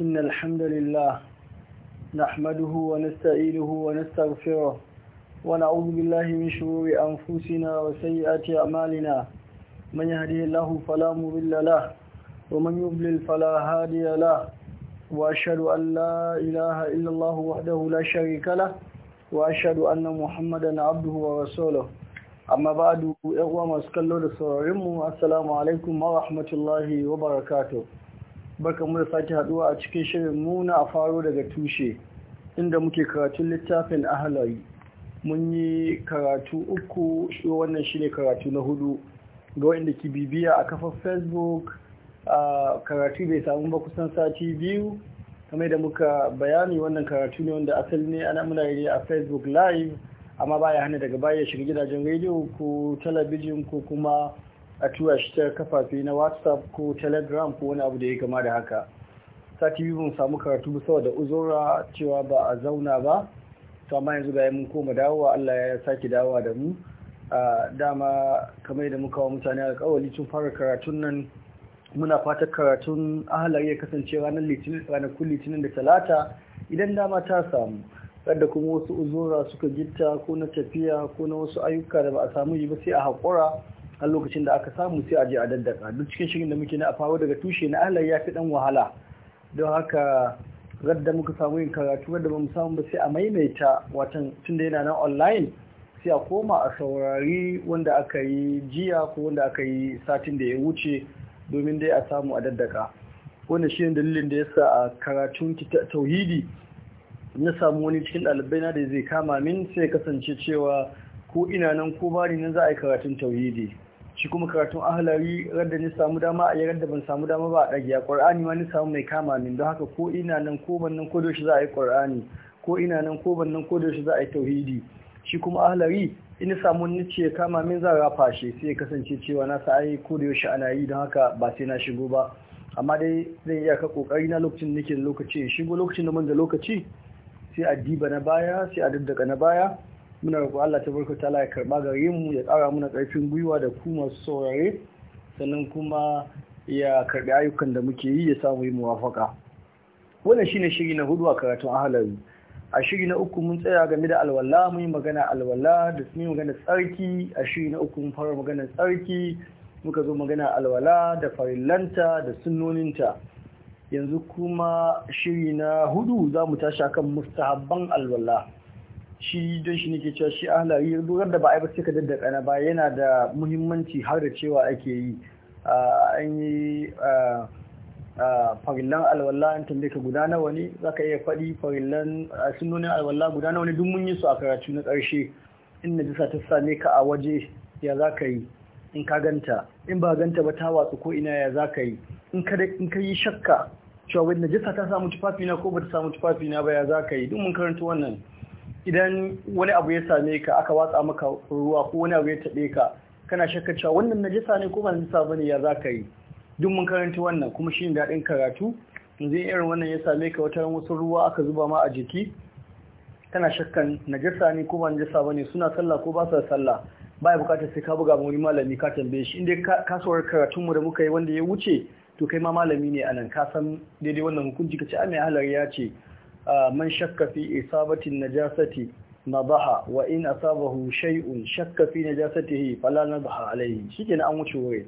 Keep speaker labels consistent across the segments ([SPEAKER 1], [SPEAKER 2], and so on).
[SPEAKER 1] إن الحمد لله نحمده ونستعينه ونستغفره ونعوذ بالله من شرور أنفسنا وسيئات أعمالنا من يهده الله فلا مضل له ومن يضلل فلا هادي له وأشهد أن لا إله إلا الله وحده لا شريك له وأشهد أن محمدا عبده ورسوله amma ba duk yan uwa masu kallo da sauraronmu assalamu alaikum wa rahmatullahi wa barakatuh barka mu da sake haduwa a cikin shirin muna a faro daga tushe inda muke karatun littafin ahalari mun yi karatu uku shi wannan shine karatu na hudu ga wanda ke bibiya a kafar facebook a karatu bai samu ba kusan sati biyu kamar da muka bayani wannan karatu ne wanda asali ne ana muna yi a facebook live amma baya hana daga baya shiga gidajen rediyo ko talabijin ko kuma a tura shi ta kafafi na whatsapp ko telegram ko wani abu da ya gama da haka sati biyu mun samu karatu saboda uzura cewa ba a zauna ba to amma yanzu ga mun koma dawowa Allah ya sake dawowa da mu a dama kamar yadda muka wa mutane a kawali tun fara karatun nan muna fatan karatun ahalar ya kasance ranar ranakun litinin da talata idan dama ta samu da kuma wasu uzura suka gita ko na tafiya ko na wasu ayyuka da ba a samu yi ba sai a haƙura har lokacin da aka samu sai a je a daddaka duk cikin shirin da muke na afawo daga tushe na Allah ya fi dan wahala don haka radda muka samu yin karatu radda ba mu samu ba sai a maimaita watan tunda yana nan online sai a koma a saurari wanda aka yi jiya ko wanda aka yi satin da ya wuce domin dai a samu a daddaka wannan shi dalilin da yasa a karatun tauhidi na samu wani cikin ɗalibai na da zai kama min sai kasance cewa ko ina nan ko bari nan za a yi karatun tauhidi shi kuma karatun ahalari radda ni samu dama a yaran da ban samu dama ba a ɗagiya qur'ani ma ni samu mai kama min don haka ko ina nan ko ban nan ko da za a yi qur'ani ko ina nan ko ban nan ko da za a yi tauhidi shi kuma ahalari in samu ni ce kama min za a fashe sai ya kasance cewa na sa ai ko da yaushe ana yi don haka ba sai na shigo ba amma dai zan iya ka kokari na lokacin nake lokaci shigo lokacin da man da lokaci sai a diba na baya sai a daddaka na baya muna roƙo Allah ta barka ta ya karɓa gare mu ya ƙara muna ƙarfin gwiwa da kuma saurare sannan kuma ya karɓi ayyukan da muke yi ya samu yi muwafaka wannan shine shiri na hudu a karatun ahalari a shiri na uku mun tsaya game da alwala mun yi magana alwala da sun yi magana tsarki a shiri na uku mun fara magana tsarki muka zo magana alwala da farillanta da sunnoninta yanzu kuma shiri na hudu za mu tashi akan mustahabban alwala shi don shi nake cewa shi yi lurar da ba a yi ba sai ka daddaka na ba yana da muhimmanci har da cewa ake yi an yi farillan alwallah an tambaye ka guda nawa ne za ka iya faɗi farillan sunonin alwallah guda nawa ne duk mun yi su a karatu na ƙarshe in jisa ta same ka a waje ya za ka yi in ka ganta in ba ganta ba ta watsu ko ina ya za ka yi in ka yi shakka cewa wani najisa ta samu tufafina ko ba ta samu tufafina ba ya za ka yi duk mun karanta wannan idan wani abu ya same ka aka watsa maka ruwa ko wani abu ya taɓe ka kana shakka cewa wannan najisa ne ko ba najisa bane ya za ka yi duk mun karanta wannan kuma shi daɗin karatu yanzu irin wannan ya same ka wata wasu ruwa aka zuba ma a jiki kana shakkan najasa ne ko ba najasa bane suna sallah ko ba sa sallah ba ya bukatar sai ka buga ma wani malami ka tambaye shi inda kasuwar karatun mu da muka yi wanda ya wuce to kai ma malami ne anan ka san daidai wannan hukunci ka ce a mai halar ya ce man shakka fi isabatin najasati nadaha wa in asabahu shay'un shakka fi najasatihi fala nadaha alayhi shikenan an wuce wuri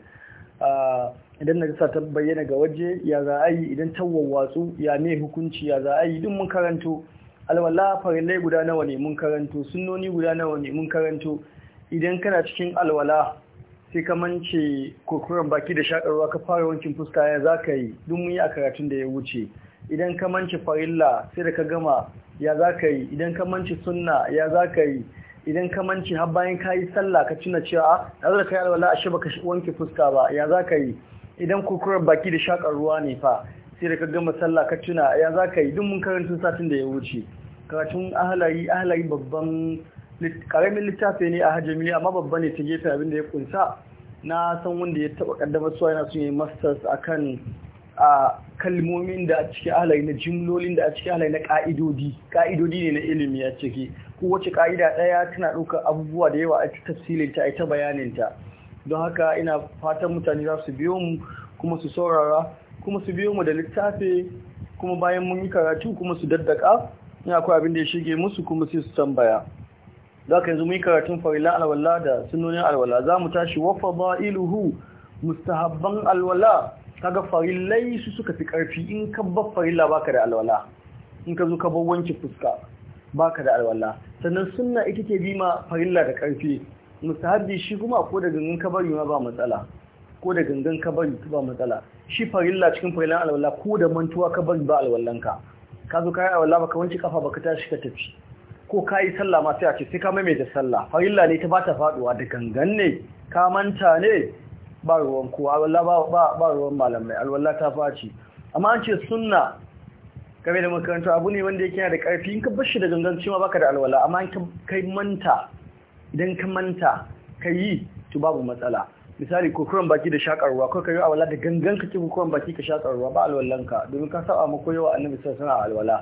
[SPEAKER 1] idan najasa ta bayyana ga waje ya za a yi idan ta wawwatsu ya ne hukunci ya za a yi duk mun karanto alwala farillai guda nawa ne mun karanto sunnoni guda nawa ne mun karanto idan kana cikin alwala sai ka mance kurkuren baki da shakarwa ka fara wankin fuska ya za ka yi duk mun yi a karatun da ya wuce idan ka manci farilla sai da ka gama ya za ka yi idan ka manci sunna ya za ka yi idan ka manci har bayan ka yi sallah ka tuna cewa ah, a da ka yi alwala ashe baka wanke fuska ba ya za ka yi idan kukurar baki da shakar ruwa ne fa sai da ka gama sallah ka tuna ya za ka yi duk mun karantun satin da ya wuce karatun ahalari ahalari babban karamin littafi ne a hajjami amma babba ne ta gefe abin da ya kunsa na san wanda ya taba kaddamar suwa yana son yi masters akan a kalmomin da a cikin halayi na jimlolin da a cikin halayi na ka'idodi ka'idodi ne na ilimi ya ciki kowace ka'ida ɗaya tana ɗaukar abubuwa da yawa a ta tafsirinta a ta bayaninta don haka ina fatan mutane za su biyo mu kuma su saurara kuma su biyo mu da littafi kuma bayan mun yi karatu kuma su daddaka ina akwai abin da ya shige musu kuma sai su tambaya za ka yanzu mun yi karatun farila alwala da sunonin alwala za mu tashi wa fada'iluhu mustahabban alwala kaga farillai su suka fi karfi in ka bar farilla baka da alwala in ka zo ka bar wanke fuska baka da alwala sannan sunna ita ke bi ma farilla da karfi musahabi shi kuma ko da gangan ka bari ma ba matsala ko da gangan ka bari ba matsala shi farilla cikin farillan alwala ko da mantuwa ka bari ba alwallanka ka zo ka yi alwala baka wanke kafa baka tashi ka tafi ko ka yi sallah ma sai a ce sai ka maimaita sallah farilla ne ta bata faduwa da gangan ne ka manta ne ba ruwan kowa alwala ba ruwan malamai alwala ta faci amma an ce sunna game da makaranta abu ne wanda yake da karfi in ka bar shi da gangan cewa baka da alwala amma kai manta idan ka manta ka yi to babu matsala misali kukuran baki da shakar ruwa ko ka yi alwala da gangan ka ki kukuran baki ka shakar ruwa ba alwallanka domin ka saba mako yawa annabi sallallahu alaihi wasallam alwala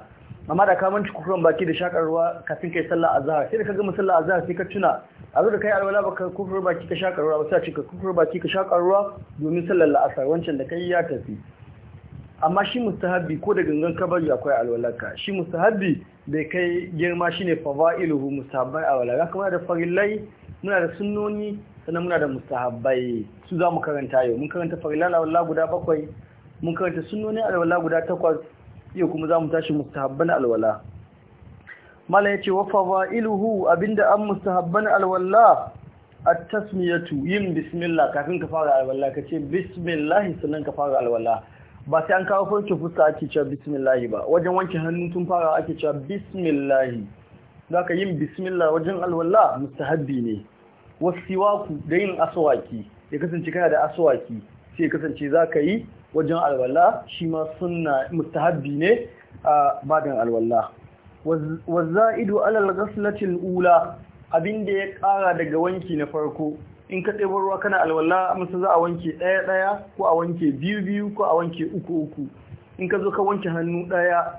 [SPEAKER 1] amma da ka manci kukuran baki da shakar ruwa kafin kai sallah azhar sai da ka gama sallah azhar sai ka tuna a zo da kai alwala baka kukuran baki ka shakar ruwa ba ce ka kukuran baki ka shakar ruwa domin sallar la'asar wancan da kai ya tafi amma shi mustahabbi ko da gangan kabari akwai alwalarka shi mustahabbi bai kai girma shine fawailuhu mustahabbai awala ga kuma da farillai muna da sunnoni sannan muna da mustahabbai su za mu karanta yau mun karanta farillai alwala guda bakwai mun karanta sunnoni alwala guda takwas yau kuma za mu tashi mustahabban alwala mala ya ce wa abin abinda an mustahabban alwala A tasmiyatu yin bismillah kafin ka fara alwala ka ce bismillah sannan ka fara alwala ba sai an kawo farce fuska ake cewa bismillah ba wajen wanke hannu tun fara ake cewa bismillah ka yin bismillah wajen alwala mustahabbi ne Wasu siwaku da yin aswaki ya kasance kana da aswaki sai ya kasance ka yi wajen alwala shi ma suna mustahabbi ne a badan alwala ido alal ghaslatil ula abinda ya kara daga wanki na farko in ka ɗebo ruwa kana alwala musu za a wanke ɗaya ɗaya ko a wanke biyu biyu ko a wanke uku uku in ka zo ka wanke hannu ɗaya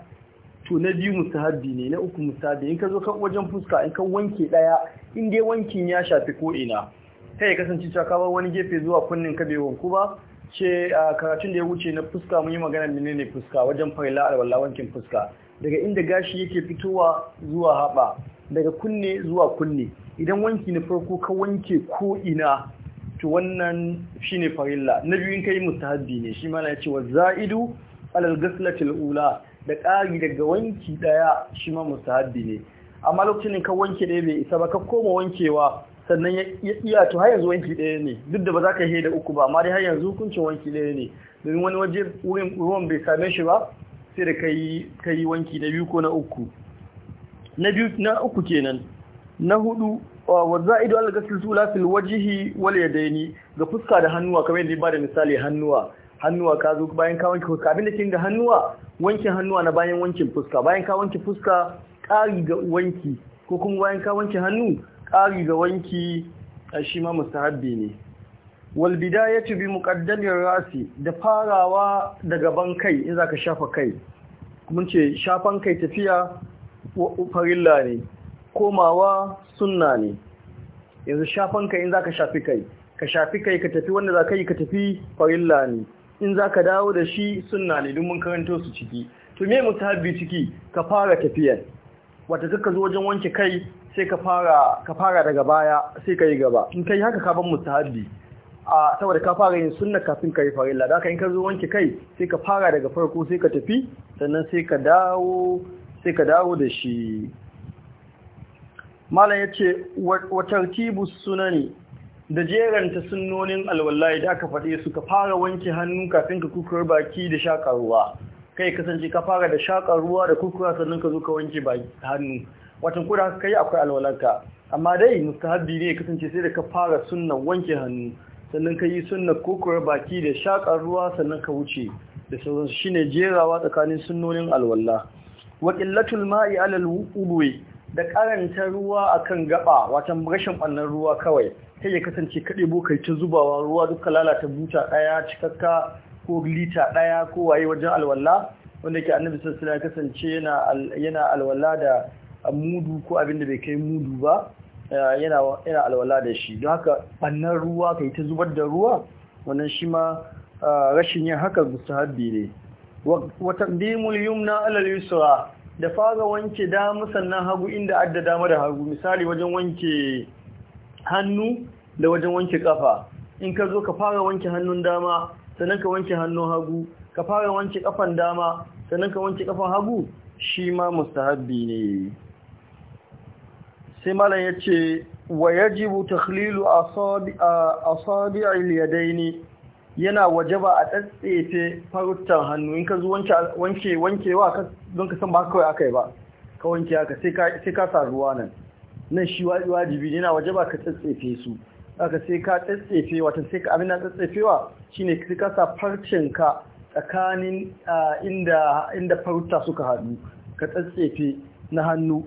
[SPEAKER 1] to na biyu mustahabbi ne na uku mustahabbi in ka zo ka wajen fuska in ka wanke ɗaya in dai wankin ya shafi ko ina kai kasance cewa ka bar wani gefe zuwa kunnin ka bai wanku ba ce a karatun da ya wuce na fuska mun yi magana menene fuska wajen farila alwala wankin fuska daga inda gashi yake fitowa zuwa haɓa daga kunne zuwa kunne idan wanki na farko ka wanke ko'ina to wannan shine farilla na biyu biyun kai mustahabbi ne shi mana ya ce wa za'idu alal ghaslatil ula da ƙari daga wanki ɗaya shi ma mustahabbi ne amma lokacin ka wanke ɗaya bai isa ba ka koma wankewa sannan ya iya to har yanzu wanki ɗaya ne duk da ba za ka yi da uku ba amma dai har yanzu hukuncin wanki ɗaya ne domin wani waje ruwan bai same shi ba sai da ka yi wanki na biyu ko na uku na biyu na uku kenan na hudu wa za'idu ala gasil sula fil wajhi wal yadaini ga fuska da hannuwa kamar yadda ba da misali hannuwa hannuwa ka zo bayan ka wanke fuska abinda kin ga hannuwa wankin hannuwa na bayan wankin fuska bayan ka wanke fuska ƙari ga wanki ko kuma bayan ka wanke hannu ƙari ga wanki a shi ma mustahabbi ne ya ci bi muƙaddamin rasi da farawa daga gaban kai in ka shafa kai mun ce shafan kai tafiya farilla ne komawa sunna ne yanzu shafan kai in za ka shafi kai ka shafi kai ka tafi wanda za ka yi ka tafi farilla ne in za ka dawo da shi sunna ne don mun karanto su ciki to me mustahabbi ciki ka fara tafiyar wata wajen wanke kai sai ka fara daga baya sai ka yi gaba in kai haka ka ban haddi. a saboda ka fara yin sunna kafin ka yi farilla da haka in ka zo wanke kai sai ka fara daga farko sai ka tafi sannan sai ka dawo sai ka dawo da shi malam yace wa tartibu sunani da jeranta sunnonin alwallahi da aka faɗe su ka fara wanke hannu kafin ka kukurar baki da shaƙa ruwa kai kasance ka fara da shaƙa ruwa da kukura sannan ka zo ka wanke hannu watan ko da haka kai akwai alwalanka amma dai mustahabbi ne kasance sai da ka fara sunna wanke hannu sannan ka yi sunna kokore baki da shakar ruwa sannan ka wuce da sauransu shine jerawa tsakanin sunnonin alwalla. wa qillatul ma'i 'ala al da karanta ruwa akan gaba watan rashin bannan ruwa kawai sai ya kasance ka debo kai ta zubawa ruwa duka lalata buta ɗaya cikakka ko lita ɗaya ko waye wajen alwala wanda ke annabi sallallahu alaihi kasance yana alwala da mudu ko abin da bai kai mudu ba eh, yana alwala da shi don haka ɓannan ruwa kai ta zubar da ruwa wannan shi ma eh, rashin yin haka mustahabbi ne wata taqdimul yumna alal yusra da fara wanke damu sannan hagu inda adda dama da hagu misali wajen wanke hannu da wajen wanke kafa in ka zo ka fara wanke hannun dama sannan ka wanke hannun hagu ka fara wanke kafan dama sannan ka wanke kafan hagu shi ma mustahabbi ne sai malam ya ce wa yajibu takhlilu asabi'il ne, yana wajaba a tsatsefe farutan hannu in ka zo wanke wankewa don ka san ba kawai yi ba ka wanke aka sai ka sa ruwa nan nan shi wajibi yana wajaba ka tsatsefe su aka sai ka tsatsefe wata sai ka amina tsatsefewa shine sai ka sa farcin ka tsakanin inda farutta suka haɗu ka tsatsefe na hannu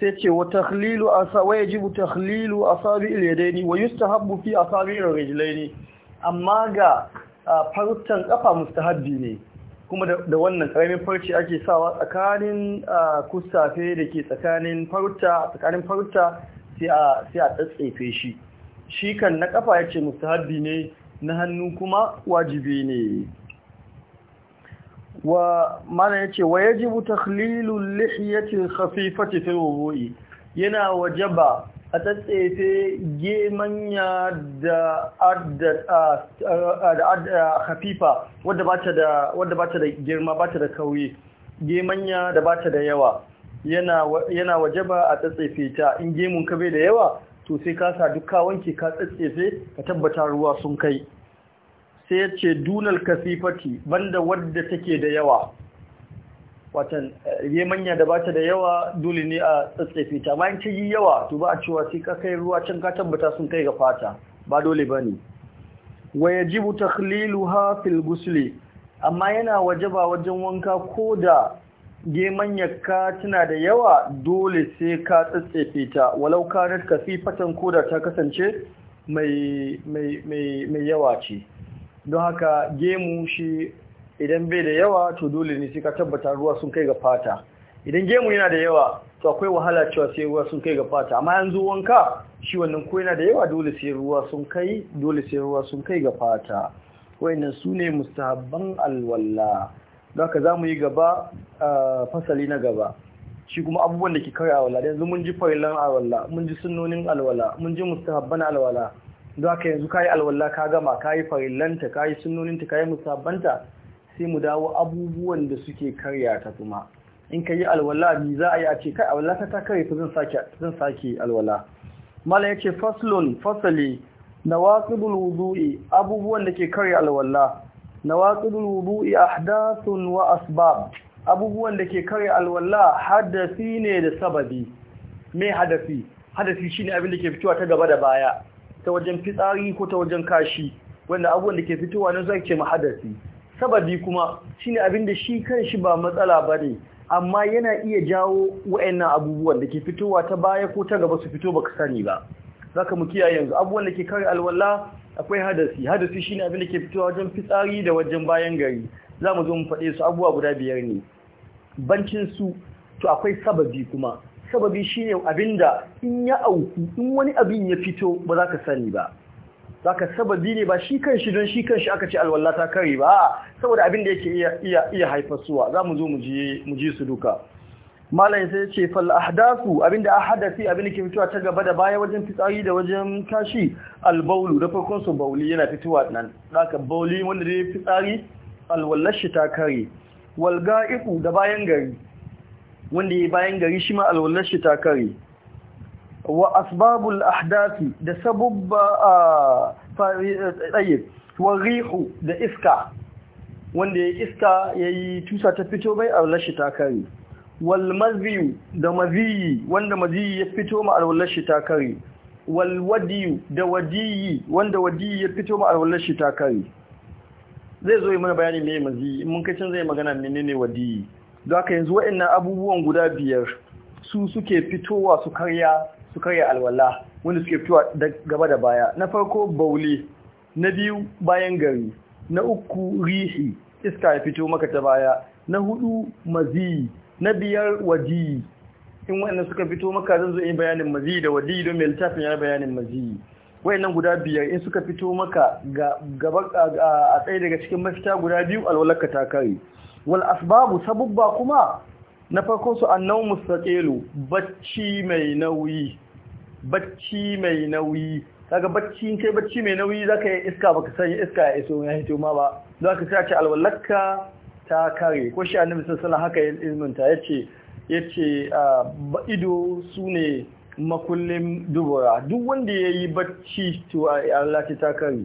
[SPEAKER 1] sai ce wa takhlilu asa wa yajibu takhlilu al yadaini wa yustahabbu fi ar rijlaini amma ga farutan kafa mustahabbi ne kuma da wannan karamin farce ake sawa tsakanin kusafe da ke tsakanin farutta tsakanin farta sai a sai a tsatsefe shi shi kan na kafa yace mustahabbi ne na hannu kuma wajibi ne wa mana yace wa yajibu takhlilul lihiyati khafifati fil wudu'i yana wajaba a tsatsefe gemanya da adda khafifa wadda bata da bata da girma bata da kauye gemanya da bata da yawa yana yana wajaba a tsatsefe ta in gemun ka bai da yawa to sai ka sa duka wanke ka tsatsefe ka tabbata ruwa sun kai sai ce dunal kasifati banda wadda take da yawa watan eh, manya da bata da yawa dole ne a tsatsefe ta bayan ce yi yawa to ba a cewa sai ka kai ruwa can ka tabbata sun kai ga fata ba dole ba bane wa yajibu takhliluha fil gusli. amma yana ba wajen wanka ko da gemanyar ka tana da yawa dole sai ka tsatsefe ta walau kanat kasifatan ko da ta kasance mai yawa ce don haka gemu shi idan bai da yawa to dole ne sai ka tabbata ruwa sun kai ga fata idan gemu yana da yawa to akwai wahala cewa sai ruwa sun kai ga fata amma yanzu wanka shi wannan ko yana da yawa dole sai ruwa sun kai dole sai ruwa sun kai ga fata wayannan sune mustahabban alwala don haka zamu yi gaba fasali na gaba shi kuma abubuwan da ke kai alwala yanzu mun ji farilan alwala mun ji sunnonin alwala mun ji mustahabban alwala don ka yanzu kayi alwala ka gama kayi farillanta kayi sunnoninta kayi musabanta sai mu dawo abubuwan da suke karya ta kuma in kayi alwala bi za a yi a ce kai alwala ta ta karya ta zan sake zan sake alwala mala yace faslun fasali nawaqidul wudu'i abubuwan da ke karya alwala nawaqidul wudu'i ahdathun wa asbab abubuwan da ke karya alwala hadasi ne da sababi me hadasi hadasi ne abin da ke fitowa ta gaba da baya ta wajen fitsari ko ta wajen kashi wanda abubuwan da ke fitowa nan zai ce mahadasi sababi kuma shine abin da shi kan shi ba matsala ba ne, amma yana iya jawo wa'annan abubuwan da ke fitowa ta baya ko ta gaba su fito ba sani ba Za ka mu kiyaye yanzu abubuwan da ke kare alwala akwai hadasi hadasi shine abin da ke fitowa wajen fitsari da wajen bayan gari Za mu zo mu faɗe su abubuwa guda biyar ne bancin su to akwai sababi kuma sababi shine abinda in ya auku in wani abin ya fito ba za ka sani ba Za ka sababi ne ba shi kanshi don shi kanshi aka ce alwallah ta kare ba saboda abinda yake iya haifar suwa, za zamu zo mu je su duka malam sai ce fal ahdathu abinda hadasi abin da ke fitowa ta gaba da baya wajen fitsari da wajen tashi Albaulu, da farkon su bauli yana fitowa nan za ka bauli wanda da fitsari alwallar shi ta kare Walga iku da bayan gari wanda ya bayan gari shi ma alwallar shi ta kare wa asbabul ahdasi da sabubba eh, eh, tsaye wa rihu da iska wanda ya iska ya yi tusa ta fito bai alwallar shi ta kare wal maziyu da maziyi wanda maziyi ya fito ma alwallar shi ta kare wal wadiyu da wadiyi wanda wadiyi ya fito ma alwallar shi ta kare zai zo yi mana bayani mai maziyi mun kacin zai magana menene wadiyi Zaka yanzu waɗannan abubuwan guda biyar su suke fitowa su karya su karya alwala wanda suke fitowa gaba da baya na farko bauli na biyu bayan gari na uku rihi iska ya fito maka ta baya na hudu mazi na biyar waji in wa'in suka fito maka zan zo in bayanin mazi da waji don mai littafin ya bayanin mazi wayannan guda biyar in suka fito maka a tsaye daga cikin mafita guda biyu ka ta kare wal asbabu sabubba kuma na farko su annau mustaqilu bacci mai nauyi bacci mai nauyi kaga bacci in kai bacci mai nauyi zaka yi iska baka sanya iska ya iso ya hito ma ba zaka sai ce alwallaka ta kare ko shi annabi sallallahu alaihi haka yin ilmin ta yace yace ido sune makullin dubura duk wanda yayi bacci to Allah ta kare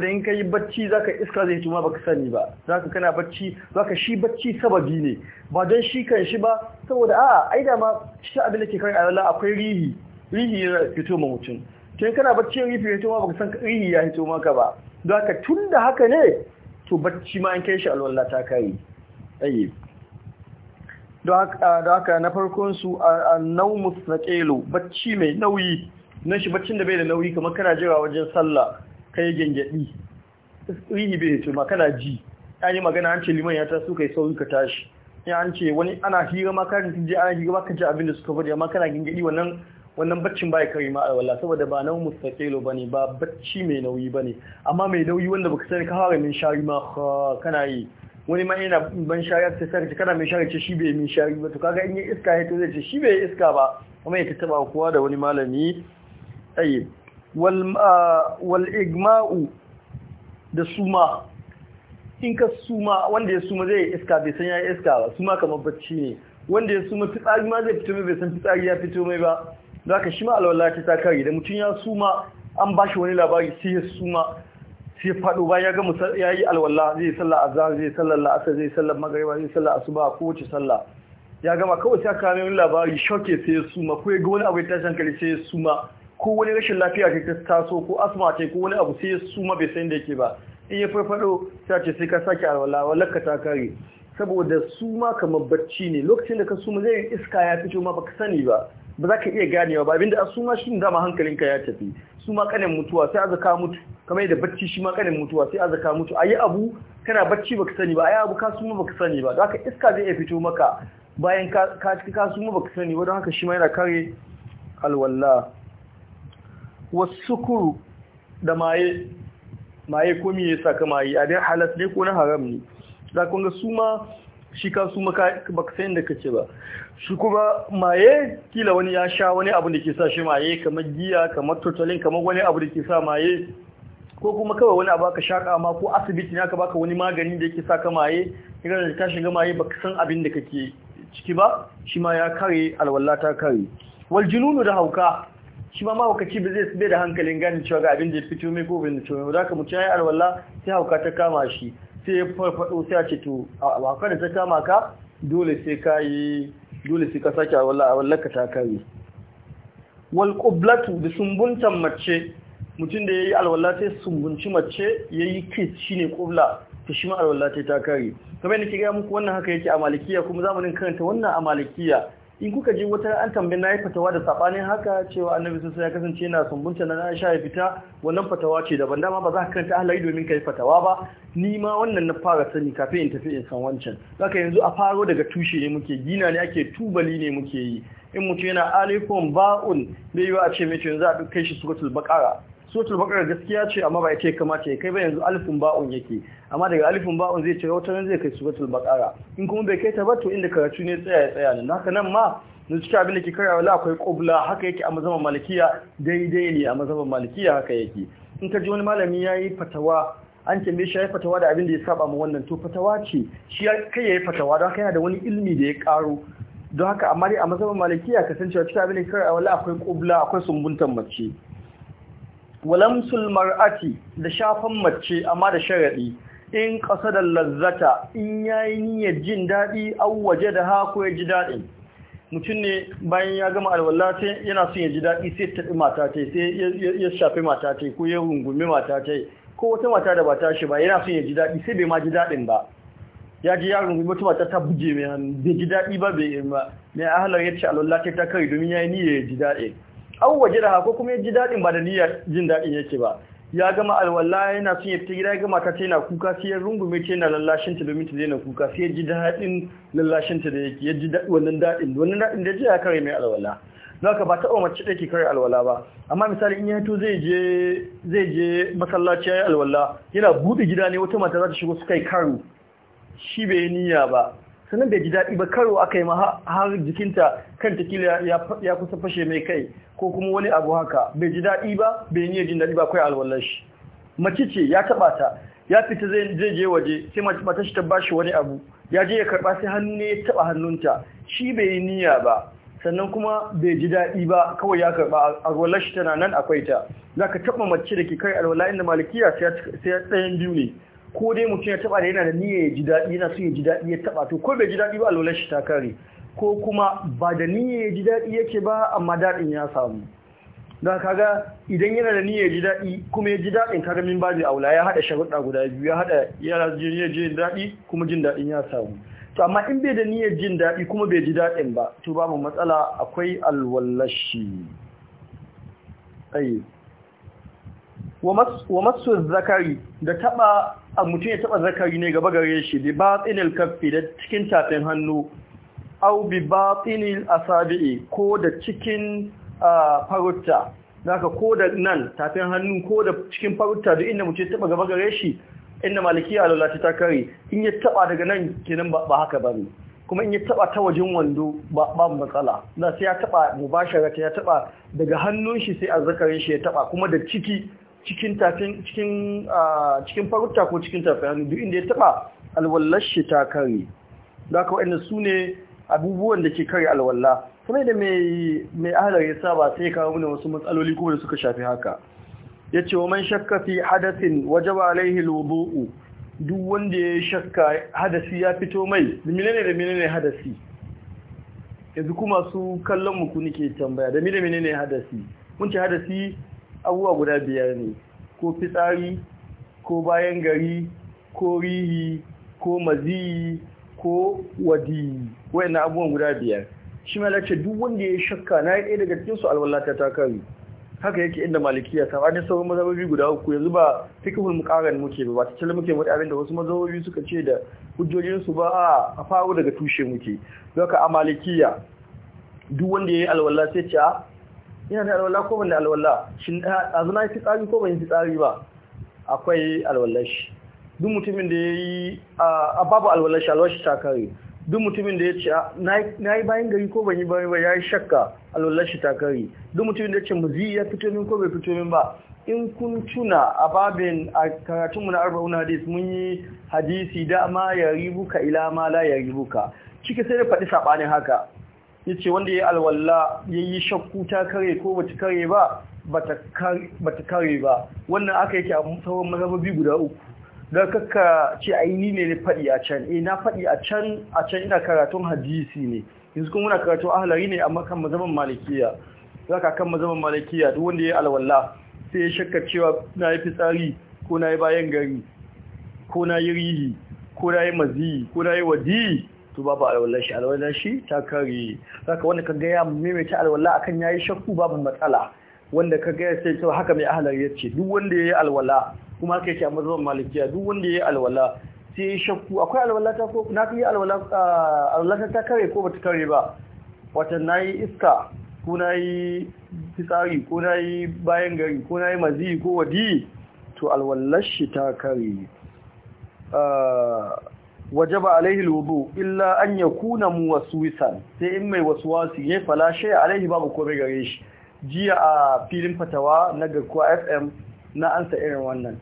[SPEAKER 1] da in ka yi bacci za ka iska zai tuma ka sani ba za ka kana bacci za ka shi bacci sababi ne ba don shi kan shi ba saboda a ai da ma shi abin da ke kan ayala akwai rihi rihi ya fito ma mutum to in kana bacci ya rihi ya tuma ma ka san rihi ya fito maka ba don ka tun da haka ne to bacci ma an kai shi alwala ta kai ayi ah, don haka na farkon su a naumus na bacci mai nauyi na shi baccin da bai da nauyi kamar kana jira wajen sallah kai gyangyaɗi rihi bai to ma kana ji an yi magana an ce liman ya taso kai sauri ka tashi ya an ce wani ana hira ma kan ji ana hira ma kan ji abin da suka faɗi amma kana gyangyaɗi wannan wannan baccin bai kai ma alwala saboda ba nan mustaqilo bane ba bacci mai nauyi bane amma mai nauyi wanda baka sani ka fara min shari ma kana yi wani ma yana ban shari ta sai kana min shari ce shi bai min shari ba to kaga in yi iska ya to zai ce shi bai iska ba kuma ya tattaba kowa da wani malami tayyib wal igma'u da suma in ka suma wanda ya suma zai iska bai san ya iska ba suma kamar bacci ne wanda ya suma fitsari ma zai fito mai bai san fitsari ya fito mai ba za ka shi ma alwallaci ta kari da mutum ya suma an ba shi wani labari sai ya suma sai ya faɗo ba ya ga ya yi alwallah zai yi sallah azhar zai sallah la'asar zai sallah magariba zai sallah asuba ko wace sallah ya gama kawai sai ka wani labari shoke sai ya suma ko ya ga wani abu ya tashi hankali sai ya suma ko wani rashin lafiya ke ta taso ko asma ce ko wani abu sai su ma bai san da yake ba in ya farfado ta ce sai ka sake alwala wallar ka ta kare saboda su ma kamar bacci ne lokacin da ka suma zai iska ya fito ma baka sani ba ba za ka iya ganewa ba abinda su ma shi dama ka ya tafi su ma kanin mutuwa sai azaka mutu kamar yadda bacci shi ma kanin mutuwa sai azaka mutu ayi abu kana bacci baka sani ba ayi abu ka suma baka sani ba za haka iska zai iya fito maka bayan ka ka suma baka sani ba don haka shi ma yana kare alwala wasukuru da maye maye ko ya saka maye a dai halas ne ko na haram ne za ku ga su ma shi ka su maka baka san da kace ba shi kuma maye kila wani ya sha wani abu da ke sa shi maye kamar giya kamar totalin kamar wani abu da ke sa maye ko kuma kawai wani abu aka shaka ma ko asibiti ne aka baka wani magani da yake sa ka maye kira da ka shiga maye baka san abin da kake ciki ba shi ma ya kare alwallata ta kare wal jununu da hauka shi ma mahaukaci ba zai bai da hankalin gane cewa ga abin da ya fito mai ko bin cewa mai za mu mutu ya yi alwala sai hauka ta kama shi sai ya farfado sai a ce to hauka da ta kama ka dole sai ka yi dole sai ka sake alwala a wallaka ta kare wal qublatu da sumbuntan mace mutum da ya yi alwala sai sumbunci mace ya yi kis shine qubla to shi ma alwala ta kare kamar yadda ke gaya muku wannan haka yake a malikiya kuma zamanin karanta wannan a malikiya in kuka ji wata an tambayi na yi fatawa da sabanin haka cewa annabi sun ya kasance yana sumbunta na Aisha ya fita wannan fatawa ce daban dama ba za ka karanta ahlari domin ka yi fatawa ba ni ma wannan na fara sani kafin in tafi in san wancan zaka yanzu a faro daga tushe ne muke gina ne ake tubali ne muke yi in mutum yana alifon ba'un bai yiwa a ce mai yanzu a kai shi suratul baqara suratul baqara gaskiya ce amma ba ya ce kamata ya kai ba yanzu alifin ba'un yake amma daga alifin ba'un zai ce wata ran zai kai suratul baqara in kuma bai kai ta ba to inda karatu ne tsaya ya tsaya ne haka nan ma na cikin abin da ke karya wala akwai qubla haka yake a mazhaban malikiya daidai ne a mazhaban malikiya haka yake in ka ji wani malami yayi fatawa an tambaye shi yayi fatawa da abin da ya saba mu wannan to fatawa ce shi kai yayi fatawa don haka yana da wani ilimi da ya karo don haka amma dai a mazhaban malikiya kasancewa cikin abin da ke karya wala akwai qubla akwai sumbuntan mace walamsul mar'ati da shafan mace amma da sharadi in da lazzata in yayi niyyar jin dadi aw ha ko ya ji dadi mutum ne bayan ya gama alwala sai yana son ya ji dadi sai ta mata tai sai ya shafe mata tai ko ya rungume mata tai ko wata mata da ba ta shi ba yana son ya ji dadi sai bai ma ji dadin ba ya ji yaron wata mata ta buge mai hannu bai ji daɗi ba bai yi ba mai ahalar ya ce ta kai domin ya yi niyyar ya ji daɗi an waje da ko kuma ya ji daɗin ba da niyyar jin daɗin yake ba ya gama alwala yana sun ya gida ya gama ta na kuka sai ya rungume ta yana lallashin ta domin ta daina kuka sai ya ji daɗin lallashin ta da yake ya ji wannan daɗin wannan daɗin da ji ya kare mai alwala ka ba taɓa mace da ke kare alwala ba amma misali in ya fito zai je zai je masallaci ya yi alwala yana buɗe gida ne wata mata za ta shigo su kai karo shi bai niyya ba sannan bai ji daɗi ba karo aka yi har jikinta kan takila ya kusa fashe mai kai ko kuma wani abu haka bai ji daɗi ba bai niyyar jin daɗi ba kai alwallar shi mace ce ya taɓa ta ya fita zai je waje sai mata shi ta bashi wani abu ya je ya karɓa sai hannu ne ya taɓa hannunta shi bai yi niyya ba sannan kuma bai ji daɗi ba kawai ya karɓa alwallar tana nan akwai ta za ka taɓa mace da ke kai alwala inda malikiya sai ɗayan biyu ne ko dai mutum ya taba da yana da niyya ji daɗi yana so ya ji daɗi ya taba to ko bai ji daɗi ba alwalar shi ta kare ko kuma ba da niyya ya ji daɗi yake ba amma daɗin ya samu don kaga idan yana da niyya ji daɗi kuma ya ji daɗin kaga min babu aula ya haɗa sharuɗa guda biyu ya haɗa yana jin daɗi kuma jin daɗin ya samu to amma in bai da niyyar jin daɗi kuma bai ji daɗin ba to babu matsala akwai alwallashi ayi wa masu zakari da taba a mutum ya taba zakari ne gaba gare shi batsinil kaffi da cikin tafin hannu au bi batsinil asabi'i ko da cikin farutta ko da nan tafin hannu ko da cikin farutta da inda mutum ya taba gaba gare shi inda a alwala ta kare in ya taba daga nan kenan ba haka ba ne? kuma in ya taba ta wajen wando ba matsala na sai ya taba mubashara ya taba daga hannun shi sai a zakarin shi ya taba kuma da ciki cikin tafin cikin cikin farutta ko cikin tafin hannu duk inda ya taba alwallar shi ta kare da ka wa'annan su ne abubuwan da ke kare alwalla kuma da mai mai ya saba sai kawo mana wasu matsaloli kuma da suka shafi haka Ya ce wa man shakka fi hadathin wajaba alaihi alwudu duk wanda ya shakka hadasi ya fito mai da menene da menene hadasi yanzu kuma su kallon mu ku nike tambaya da menene menene hadasi mun ce hadasi abubuwa guda biyar ne ko fitsari ko bayan gari ko rihi ko maziyi ko wadi wayannan abubuwan guda biyar shi ma lace duk wanda ya shakka na yi daga cikin su alwallata ta takari haka yake inda malikiya ta wani sauran mazhabobi guda uku yanzu ba fiqhul muqarran muke ba ta tilla muke mutane da wasu mazhabobi suka ce da hujjojinsu ba a faru daga tushe muke zaka a malikiya duk wanda yayi yi sai ce a ina da alwala ko ban da alwala shin eh, zuna yi fitsari ko ban yi fitsari ba akwai alwalashi. shi duk mutumin da ya yi a babu alwalashi, shi ta kare duk mutumin da ya ce na yi bayan gari ko ban yi bayan ba ya yi shakka Alwalashi shi ta kare duk mutumin da ya ce muzi ya fito min ko bai fito min ba in kun tuna a babin a karatunmu na arba'un hadis mun yi hadisi da ma ya ribuka ila ma la ya ribuka cike sai da faɗi saɓanin haka ya ce wanda ya yayi alwalla yi shakku ta kare ko bata kare ba bata kare ba wannan aka yake a sauran mazhabobi guda uku don kakka ce aini ne na faɗi a can eh na faɗi a can a can ina karatun hadisi ne yanzu kuma muna karatun ahlari ne amma kan mazhaban malikiya za ka kan mazhaban malikiya duk wanda ya alwalla sai ya shakka cewa na yi fitsari ko na yi bayan gari ko na yi rihi ko na yi maziyi ko na yi wadi to babu alwallar shi alwallar shi ta kare saka wanda ka gaya maimaita alwala akan yayi shakku babu matsala wanda ka gaya sai to haka mai ahlar yace duk wanda yayi alwala kuma haka ce a mazhabin malikiya duk wanda yayi alwala sai yayi shakku akwai alwala ta ko na kai alwala alwala ta kare ko bata kare ba wata nayi iska ko nayi fitsari ko nayi bayan gari ko nayi mazi ko wadi to alwallar shi ta kare wajaba alaihi alwudu illa an yakuna muwaswisan sai in mai waswasi ne fala shay alaihi babu komai gare shi jiya a filin fatawa na garkuwa FM na ansa irin wannan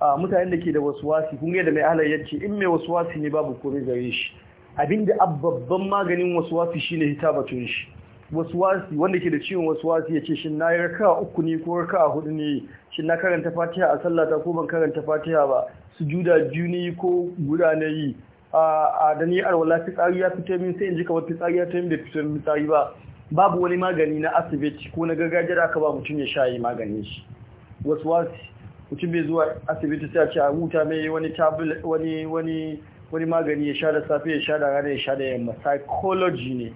[SPEAKER 1] a mutanen da ke da waswasi kun ga da mai ahlar yace in mai waswasi ne babu komai gare shi abinda babban maganin waswasi shine hitabatun shi waswasi wanda ke da ciwon waswasi yace shin na yi raka uku ne ko raka hudu ne shin na karanta Fatiha a sallata ko ban karanta Fatiha ba sujuda juni ko guda na yi a da ni arwala fitsari ya fito min sai in ji kamar fitsari ya ta min da fito min fitsari ba babu wani magani na asibiti ko na gargajiya da aka ba mutum ya sha yi maganin shi wasu wasu mutum bai zuwa asibiti sai a ce a huta mai wani tablet wani wani wani magani ya sha da safe ya sha da rana ya sha da yamma psychology ne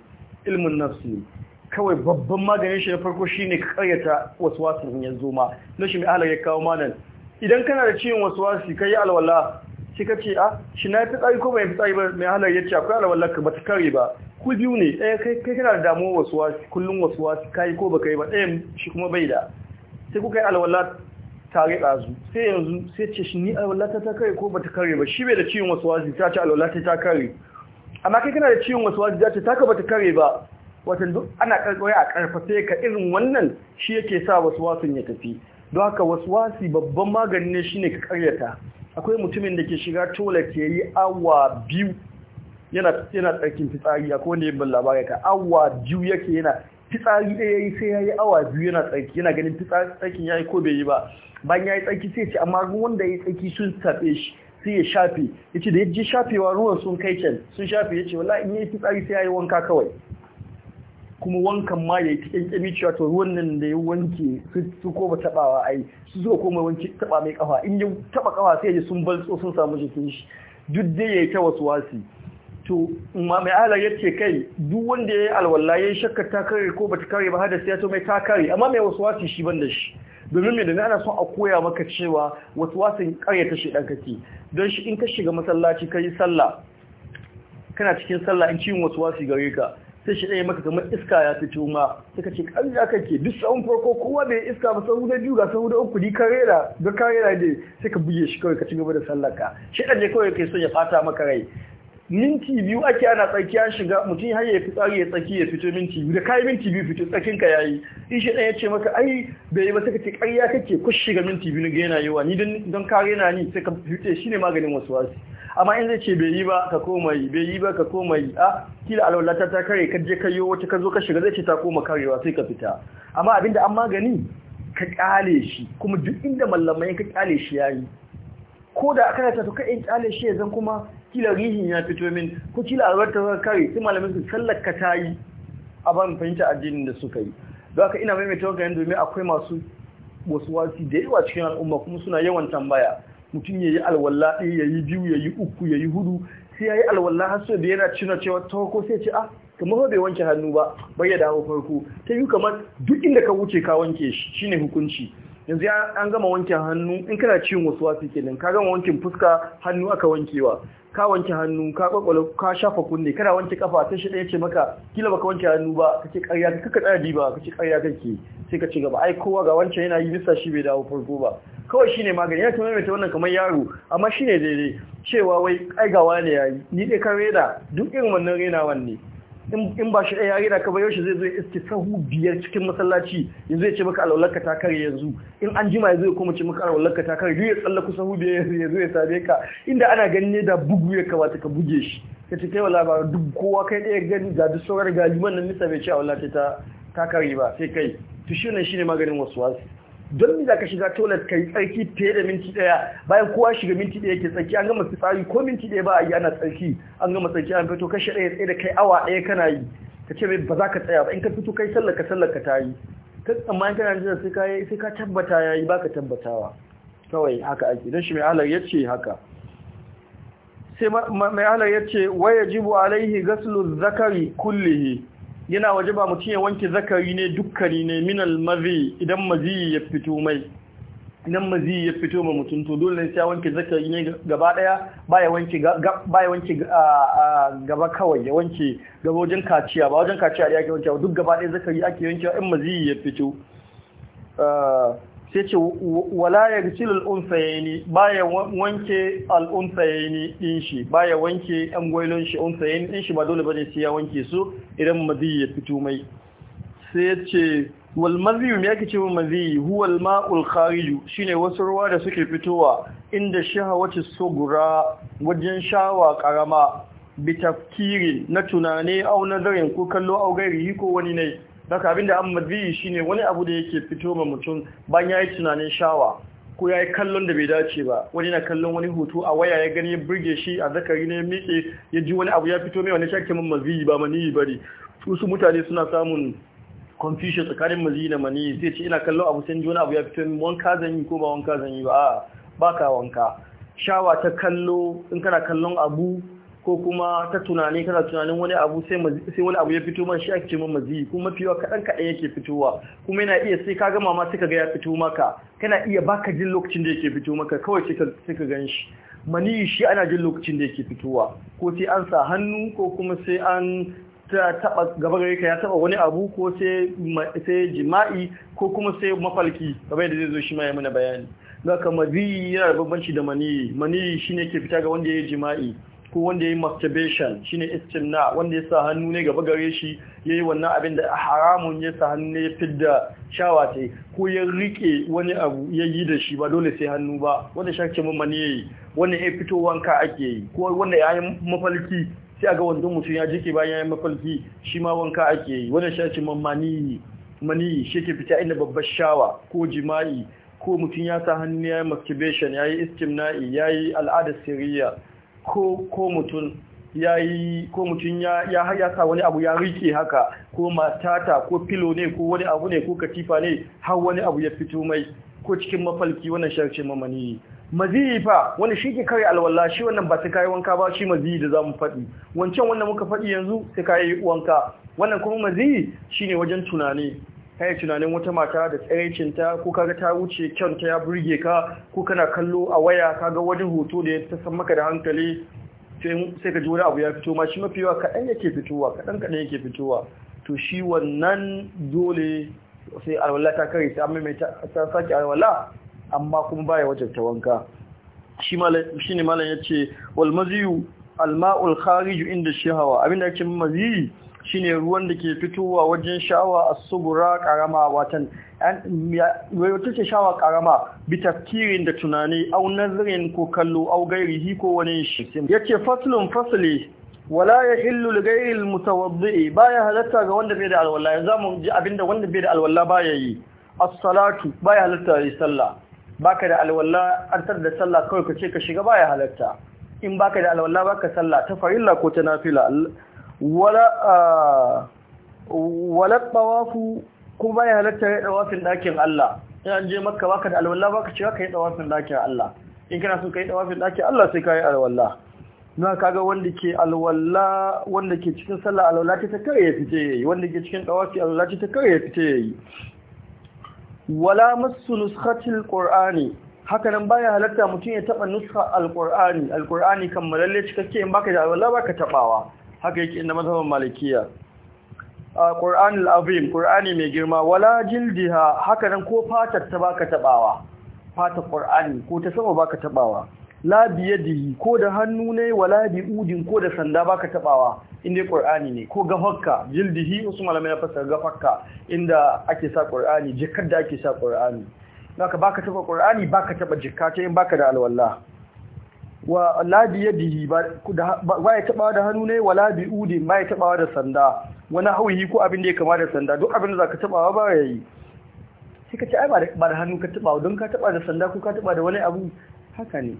[SPEAKER 1] ilmin nafsu ne kawai babban maganin shi na farko shine karyata wasu wasu ya zo ma na shi mai halaye ya kawo manan idan kana da ciwon waswasi kai alwala shi ka ce a ah, shi na fi tsari ko bai fi tsari ba mai halar yace akwai alwala ka bata kare ba ku biyu ne ɗaya kai kai kana da damuwar waswasi kullum waswasi kai ko baka yi ba ɗayan shi kuma bai da sai kuka yi alwala tare ɗazu sai yanzu sai ce shi ni alwala ta ta kare ko bata kare ba shi bai da ciwon waswasi ta ce alwala ta ta kare amma kai kana da ciwon waswasi ta ce taka bata kare ba watan duk ana karɓar a karfafe ka irin wannan shi yake sa wasu wasun ya tafi don haka waswasi babban magani ne shine ka karyata akwai mutumin da ke shiga Tola ke yi awa biyu yana yana tsarkin fitsari akwai wanda yin ban labarai ka awa biyu yake yana fitsari ɗaya yi sai ya yi awa biyu yana tsarki yana ganin fitsari tsarkin yi ko bai yi ba bayan yi tsarki sai ce amma ruwan da yi tsarki sun tabe shi sai ya shafe ce da je shafewa ruwan sun kai can sun shafe ce. Wala in ya yi fitsari sai ya yi wanka kawai kuma wankan ma ya kyami cewa to ruwan nan da ya wanke su ko ba a ai su zo ko mai wanke taba mai kafa in ya taba kafa sai ya sun balso sun samu jikin shi duk dai ya yi ta wasu wasi to mai ala ce kai duk wanda ya yayi alwala yi shakkar ta kare ko bata kare ba hadasi ya to mai ta kare amma mai wasu wasi shi ban da shi domin mai na ana son a koya maka cewa wasu wasin karya ta shedan kake don shi in ka shiga masallaci ka yi sallah kana cikin sallah in ciwon wasu wasi gare ka sai shi ɗaya maka kamar iska ya fito ma suka ce aka ke duk sa'un farko kowa bai iska ba sahu da biyu ga sahu da uku ni karera ga karera ne sai ka buge shi kawai ka ci gaba da sallaka shi ɗan ne kawai kai son ya fata maka rai minti biyu ake ana an shiga mutum har ya fitsari ya tsaki ya fito minti biyu da kayi minti biyu fito tsakin ka yayi in shi dan ya ce maka ai bai yi ba sai karya ƙarya kake ku shiga minti biyu ga yana yawa ni don don kare na ni sai ka shi shine maganin wasu wasu amma in zai ce bai yi ba ka koma bai yi ba ka koma a kila alwala ta ta kare ka je ka yi wata ka zo ka shiga zai ce ta koma karewa sai ka fita amma abinda an magani ka kyale shi kuma duk inda mallamai ka kyale shi yayi ko da aka ta to ka in kyale shi yanzu kuma kila rihin ya fito min ko kila albarka ta kare sai malamin su sallaka ta yi a ban fahimta addinin da suka yi don haka ina maimaita wannan domin akwai masu wasu wasi da yawa cikin al'umma kuma suna yawan tambaya mutum ya yi alwala ɗaya ya yi biyu ya yi uku ya yi hudu sai ya yi alwala har sau da yana cina cewa ta ko sai ce ah kamar ba bai wanke hannu ba bai ya dawo farko ta yi kamar duk inda ka wuce ka wanke shi shine hukunci yanzu an gama wanke hannu in kana ciwon wasu wasu nan ka gama wankin fuska hannu aka wankewa ka wanke hannu ka kwakwalo ka shafa kunne kana wanke kafa ta shi ɗaya ce maka kila baka wanke hannu ba kace karya kaka tsaya diba kace karya kake sai ka ci gaba ai kowa ga wancan yana yi bisa shi bai dawo farko ba kawai shine magani yana tuma mai ta wannan kamar yaro amma shine daidai cewa wai aigawa ne yayi ni dai ka reda duk irin wannan renawan ne in ba shi ɗaya rina ka bayo shi zai zo ya iske sahu biyar cikin masallaci yanzu ya ce maka alwalarka ta kare yanzu in an jima ya ya kuma ce maka alwalarka ta kare ya tsallaku sahu biyar yanzu ya same ka inda ana ganin ne da bugu ya kamata ka buge shi ka ce kai wala duk kowa kai ɗaya gani ga duk sauran galiman nan nisa bai ce a ta ta kare ba sai kai to shi ne maganin wasu wasu don ni za ka shiga toilet kai tsarki fiye da minti daya bayan kowa shiga minti daya ke tsarki an gama fitsari ko minti daya ba a yi ana tsarki an gama tsarki an fito kashe daya tsaye da kai awa daya kana yi ka ce ba za ka tsaya ba in ka fito kai sallaka sallaka ta yi ka in kana jira sai ka sai ka tabbata ya yi baka tabbatawa kawai haka ake don shi mai alar ya ce haka sai mai alar ya ce waya jibu alaihi gaslu zakari kullihi yana waje ba mutum ya wanke zakari ne dukkani ne minal mazi idan mazi ya fito mai idan mazi ya fito ma mutum to dole sai ya wanke zakari ne gaba daya baya wanke baya wanke gaba kawai ya wanke gaba wajen kaciya ba wajen kaciya ya ke wanke duk gaba daya zakari ake wanke in mazi ya fito uh, sai ce wala ya gicil al'unsayeni baya wanke al'unsayeni ɗin shi baya wanke ‘yan gwailon shi unsayeni ɗin shi ba dole ba ne sai ya wanke su idan mazi ya fito mai sai ce wal mazi mai yake ce mazi huwal ma'ul khariju shine wasu ruwa da suke fitowa inda shahawati sugura wajen shawa karama bitafkirin na tunane au nazarin ko kallo au gairi ko wani ne daga abinda an shi ne wani abu da yake fito ma mutum bayan yi tunanin shawa ko ya yi kallon da bai dace ba wani na kallon wani hoto a waya ya gani ya burge shi a zakari ne ya miƙe ya ji wani abu ya fito mai wani shakke min maziyi ba yi bari su mutane suna samun confusion tsakanin maziyi da mani sai ce ina kallon abu sai wani abu ya fito min wanka zan yi ko ba wanka zan yi ba a baka wanka shawa ta kallo in kana kallon abu ko kuma ta tunani kana tunanin wani abu sai wani abu ya fito man shi ake min mazi kuma fiwa kaɗan kaɗan yake fitowa kuma yana iya sai ka gama ma suka ga ya fito maka kana iya baka jin lokacin da yake fito maka kawai sai ka gan shi mani shi ana jin lokacin da yake fitowa ko sai an sa hannu ko kuma sai an taba gaba gare ka ya taba wani abu ko sai jima'i ko kuma sai mafalki kamar yadda zai zo shi ma ya mana bayani kamar mazi yana da bambanci da Maniyi mani shine ke fita ga wanda ya yi jima'i ko wanda ya yi masturbation shine istimna wanda ya sa hannu ne gaba gare shi ya yi wannan abin da haramun ya sa hannu ne ya fidda shawa ce ko ya rike wani abu ya yi da shi ba dole sai hannu ba wanda shakce mamman ya yi wanda ya fito wanka ake yi ko wanda ya yi mafalki sai a ga wanda mutum ya jike bayan ya yi mafalki shi ma wanka ake yi wanda shakce mamman maniyi shi ke fita inda babbar shawa ko jima'i ko mutum ya sa hannu ya yi masturbation ya yi istimna'i ya yi al'adar siriya ko mutum ko ya ya wani abu ya rike haka ko matata ko filo ne ko wani abu ne ko katifa ne har wani abu ya fito mai ko cikin mafalki wannan sharce mamani mazifa fa wani shi ke kare alwala shi wannan ba sai kayi wanka ba shi mazi da zamu faɗi wancan wannan muka faɗi yanzu sai kayi wanka wannan kuma maziyi shine wajen tunani kai tunanin wata mata da ta ko kaga ta wuce kyanta ya burge ka ko kana kallo a waya kaga wajen hoto da ya san maka da hankali sai ka ji wani abu ya fito ma shi mafi yawa kaɗan yake fitowa kaɗan kaɗan yake fitowa to shi wannan dole sai alwala ta kare ta amma ta sake alwala amma kuma baya wajen ta wanka shi ne malam ya ce wal maziyu alma'ul khariju inda hawa abinda ya ce maziyu shine ruwan da ke fitowa wajen shawa a subura karama watan wata ce shawa karama bi kirin da tunani au nazarin ko kallo au gairihi ko wani shi Ya ce faslun fasli wala ya hillu gairi ghairi ba ya halatta ga wanda bai da alwala ya mu ji abinda wanda bai da alwala baya yi as-salatu ya halatta yi sallah baka da alwala an tar da sallah kawai ka ce ka shiga ba ya halatta in baka da alwala baka sallah ta farilla ko ta nafila wala tawafu kuma ya halatta ya tsawafin ɗakin Allah Ina je maka baka da alwala baka cewa ka yi tsawafin ɗakin Allah in kana so ka yi tsawafin ɗakin Allah sai ka yi alwala na kaga wanda ke alwala wanda ke cikin sallah alwala ta kare ya fice yayi wanda ke cikin tsawafi alwala ta kare ya fice yayi wala masu nuskatil qur'ani hakanan baya halatta mutum ya taba nuskar alqur'ani alqur'ani kammalalle cikakke in baka da alwala baka tabawa haka yake inda mazhaban malikiya a qur'anul azim qur'ani mai girma wala jildiha haka nan ko fatar ta baka tabawa fatar qur'ani ko ta sama baka tabawa la biyadihi ko da hannu ne wala bi udin ko da sanda baka tabawa inda qur'ani ne ko gafakka jildihi wasu malamai na fasara gafakka inda ake sa qur'ani jikar da ake sa qur'ani Naka baka taba qur'ani baka taba jikka ta in baka da alwala wa labi yadihi ba ya tabawa da hannu ne wa labi udi ba ya tabawa da sanda wani hauyi ko abin da ya kama da sanda duk abin da za ka wa ba ya yi sai ka ce ai ba da hannu ka wa, don ka taba da sanda ko ka taba da wani abu haka ne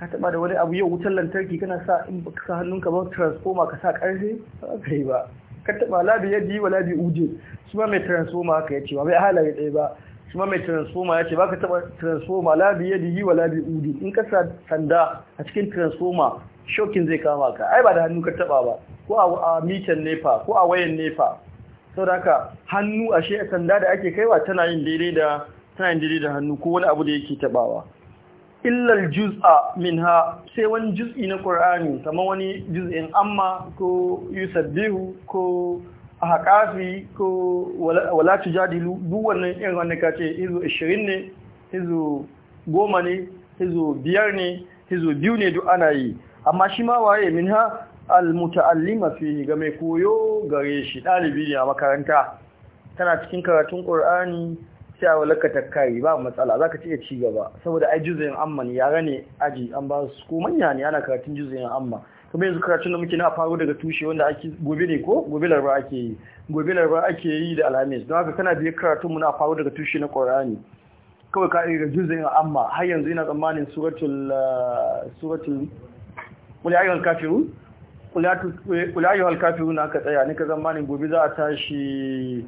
[SPEAKER 1] ka taba da wani abu yau wutar lantarki kana sa in ka sa hannunka ba transformer ka sa karfe ba ka yi ba ka taba labi yadihi wa labi udi shi ma mai transformer ka ya ce ba bai halaye ɗaya ba shi ma mai transformer ya ce ba ka taba transformer labi ya yi wa labi udi in ka sanda a cikin transformer shokin zai kama ka ai ba da hannu ka taba ba ko a mitan nefa ko a wayan nefa sau da haka hannu ashe a sanda da ake kaiwa tana yin daidai da hannu ko wani abu da yake taɓawa illal juz'a minha sai wani juz'i na qur'ani kamar wani juz'in amma ko yusabbihu ko a haƙafi ko wala tujadilu duk wannan irin ka kace izo 20 ne izo goma ne izo biyar ne izo biyu ne duk ana yi amma shi ma waye minha almutaallima fihi ga mai koyo gare shi dalibi ne a makaranta tana cikin karatun Qur'ani sai a walaka takkari ba matsala zaka ce ci gaba saboda ai juzayin amma ne yare ne aji an ba su ko manya ne ana karatun juzayin amma kuma yanzu karatun da muke na faru daga tushe wanda ake gobe ne ko gobe laraba ake yi gobe laraba ake yi da alhamis don haka kana biyar karatun mu na faru daga tushe na qur'ani kawai ka iya juzin amma har yanzu ina tsammanin suratul ah, suratul qul ya ayyuhal kafirun qul ayyuhal kafirun aka tsaya Ni ka tsammanin gobe za a tashi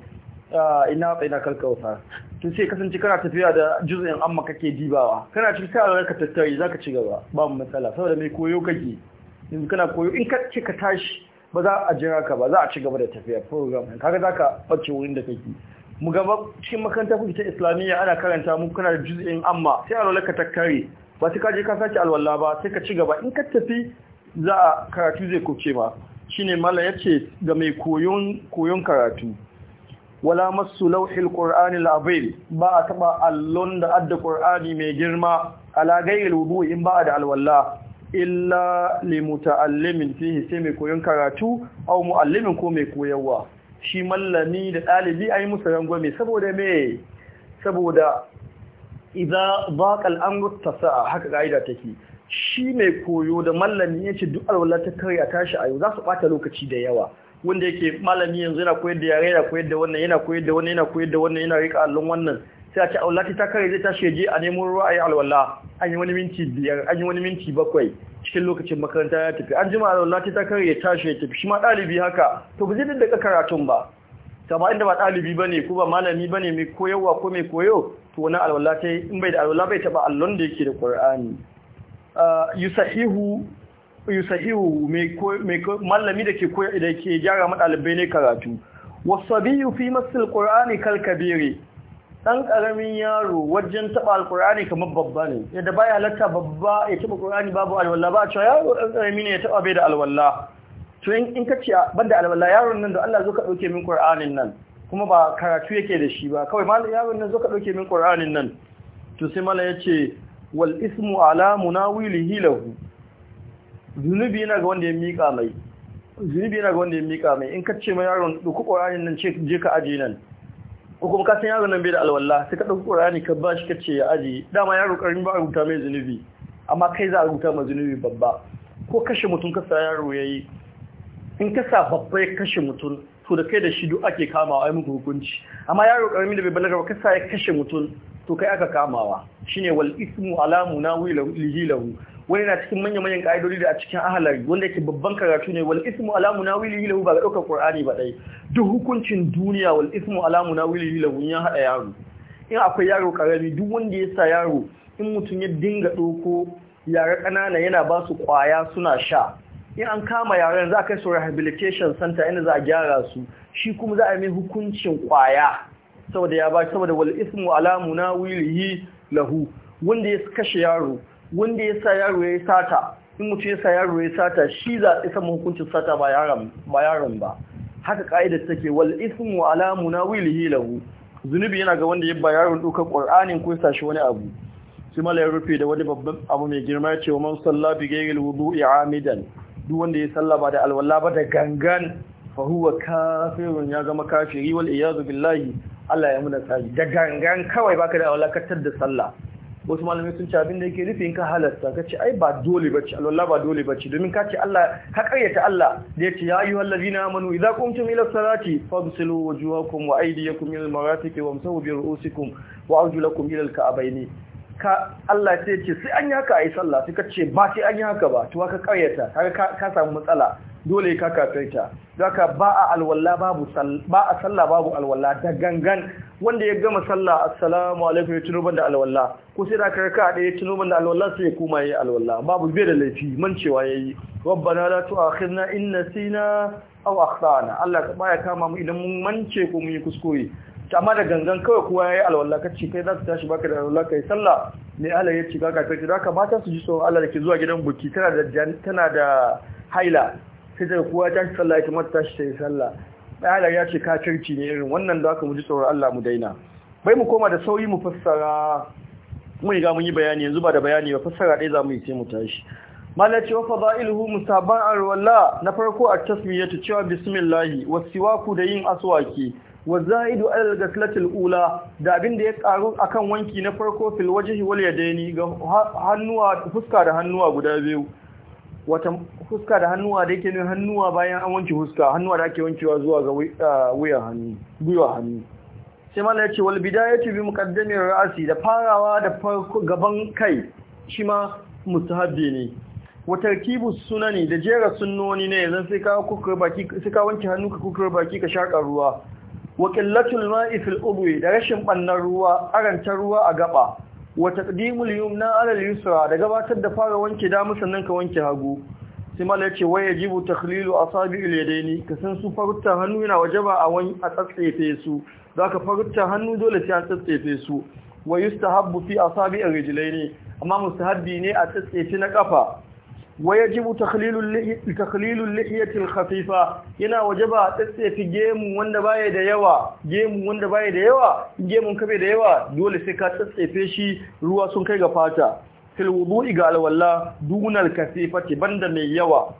[SPEAKER 1] ah, ina tsayina kalkauta tun sai kasance kana tafiya da juzin amma kake dibawa kana cikin sai ka tattari ka ci gaba mu matsala saboda mai koyo kake yanzu kana koyo in ka ce ka tashi ba za a jira ka ba za a ci gaba da tafiya program ka za ka ɓace wurin da kake mu gaba cikin makaranta kuke ta islamiyya ana karanta mu kana da juz'in amma sai alwala ta takkare ba sai ka je ka saki alwala ba sai ka ci gaba in ka tafi za a karatu zai kuce ma shine mallam yace ga mai koyon koyon karatu wala masu lauhil ƙor'ani ba a taba allon da adda qur'ani mai girma ala gairu wudu in ba da alwalla. illa li muta'allimin fihi sai mai koyon karatu au muallimin ko mai koyarwa shi mallami da ɗalibi ai musu rangwame saboda me saboda idza baqa al-amru tasa'a haka gaida take shi mai koyo da mallami yace duk alwala ta karya tashi ayo za su bata lokaci da yawa wanda yake malami yanzu yana koyar da yare yana koyar da wannan yana koyar da wannan yana koyar da wannan yana rika allon wannan sai a ce aulati ta kare zai tashi je a nemo ruwa ayi alwala an yi wani minti biyar an yi wani minti bakwai cikin lokacin makaranta ya tafi an jima Allah ta kare ya tashi ya tafi shi ma dalibi haka to ba zai daddaka karatun ba kama inda ba dalibi ba ne ko ba malami ba ne mai koyarwa ko mai koyo to wani alwala sai in bai da alwala bai taɓa allon da yake da ƙur'ani yusahihu yusahihu mai malami da ke koyar da ke gyara maɗalibai ne karatu wasabiyu fi masil ƙur'ani kal kabiri dan karamin yaro wajen taba Alƙur'ani kamar babba ne yadda baya halatta babba ya taba alkur'ani babu alwala ba cewa yaro dan karami ne ya taba bai da alwala to in ka ce banda alwala yaron nan da Allah zo ka dauke min qur'anin nan kuma ba karatu yake da shi ba kawai mal yaron nan zo ka dauke min qur'anin nan to sai ya yace wal ismu ala munawilihi lahu zunubi yana ga wanda ya mika mai zunubi yana ga wanda ya mika mai in ka ce ma yaron duku qur'anin nan ce je ka aje nan ko kuma yaro nan bai da alwala sai ka dauki Qur'ani ka bashi ka ce ya aji dama yaro karin ba rubuta mai zunubi amma kai za a rubuta mai zunubi babba ko kashe mutum ka sa yaro yayi in ka sa babba ya kashe mutum to da kai da shi duk ake kamawa ai muku hukunci amma yaro karami da bai balaga ba ka sa ya kashe mutum to kai aka kamawa shine wal ismu alamu nawilahu lihilahu wani na cikin manyan manyan ka'idodi da a cikin ahalar wanda yake babban karatu ne wal ismu ala munawilihi lahu ba ga ɗaukar qur'ani ba dai duk hukuncin duniya wal ismu ala munawilihi lahu ya haɗa yaro in akwai yaro karami duk wanda ya sa yaro in mutum ya dinga doko yara kanana yana ba su kwaya suna sha in an kama yaran za a kai su rehabilitation center inda za a gyara su shi kuma za a mai hukuncin kwaya saboda ya ba saboda wal ismu ala munawilihi lahu wanda ya kashe yaro wanda ya sa yaro ya sata in mutu ya sa yaro ya sata shi za a isa hukuncin sata ba yaron ba haka ta ke, wal ismu ala munawilihi lahu zunubi yana ga wanda ya ba yaron dukkan qur'anin ko ya shi wani abu sai mala ya rufe da wani babban abu mai girma ya ce man salla bi ghayril wudu'i amidan duk wanda ya salla ba da alwala ba da gangan fa huwa kafirun ya zama kafiri wal iyazu billahi Allah ya muna tsari da gangan kawai baka da alwala katar da sallah wasu malamai sun ce abin da yake nufin ka halasta ka ce ai ba dole ba bace alwallah ba dole ba ce. domin ka ce Allah ka karyata Allah da ya ce ya wallazi na amanu idza qumtum ila salati fagsilu wujuhakum wa aydiyakum ila al wa wamsahu bi ru'usikum wa arjulakum ila al-ka'bayn ka Allah sai ce sai an yi haka ai sallah sai ka ce ba sai an yi haka ba to ka karyata Ka ka samu matsala dole ka kafirta zaka ba a alwala babu ba a sallah babu alwala da gangan wanda ya gama sallah assalamu alaikum ya tuno da alwala ko sai da karka da ya tuno da alwala sai ya kuma yi alwala babu bai da laifi man cewa yayi rabbana la tu'akhidna in nasina aw akhtana Allah baya kama mu idan mun mance ko mun yi kuskure amma da gangan kawai kowa yayi alwala kace kai za ka tashi baka da alwala kai sallah ne Allah ya ci kaka sai zaka ka mata su ji tsoron Allah da ke zuwa gidan buki tana da tana da haila sai kuwa ta shi sallah ita mata shi ta yi sallah ɗaya ya ce kacirci ne irin wannan da aka mu ji tsoron Allah mu daina bai mu koma da sauyi mu fassara mun yi mun yi bayani yanzu ba da bayani ba fassara ɗaya za mu yi sai mu tashi malaci wa fada'iluhu musaban arwalla na farko a ta cewa bismillahi wasiwaku da yin aswaki wa za'idu alal ghaslatil ula da abin da ya karu akan wanki na farko fil wajhi wal yadaini ga fuska da hannuwa guda biyu wata huska da hannuwa da yake nuna hannuwa bayan an wanke huska hannuwa da ake wankewa zuwa ga wuyan hannu gwiwa hannu sai mala yace wal bidayatu bi muqaddami ra'si da farawa da farko gaban kai shi ma mustahabbi ne wa tarkibu sunani da jera sunnoni ne yanzu sai ka kuka baki sai ka wanke hannu ka baki ka shaka ruwa wa qillatul ma'i fil udwi da rashin bannan ruwa arantar ruwa a gaba wa taqdimul yumna ala al-yusra da gabatar da fara wanke damu sannan ka wanke hagu sai mala yace wa yajibu takhlilu asabi'il yadaini ka san su farutta hannu yana wajaba a a tsatsefe su zaka farutta hannu dole sai an tsatsefe su wa yustahabbu fi asabi'ir rijlaini amma mustahabbi ne a tsatsefe na kafa ويجب تخليل اللحية تخليل اللحية الخفيفة yana wajaba tsatsefi gemu wanda baya da yawa gemu wanda baya da yawa gemun kabe da yawa dole sai ka tsatsefe shi ruwa sun kai ga fata fil wudu'i ga alwala dunal kasifati banda mai yawa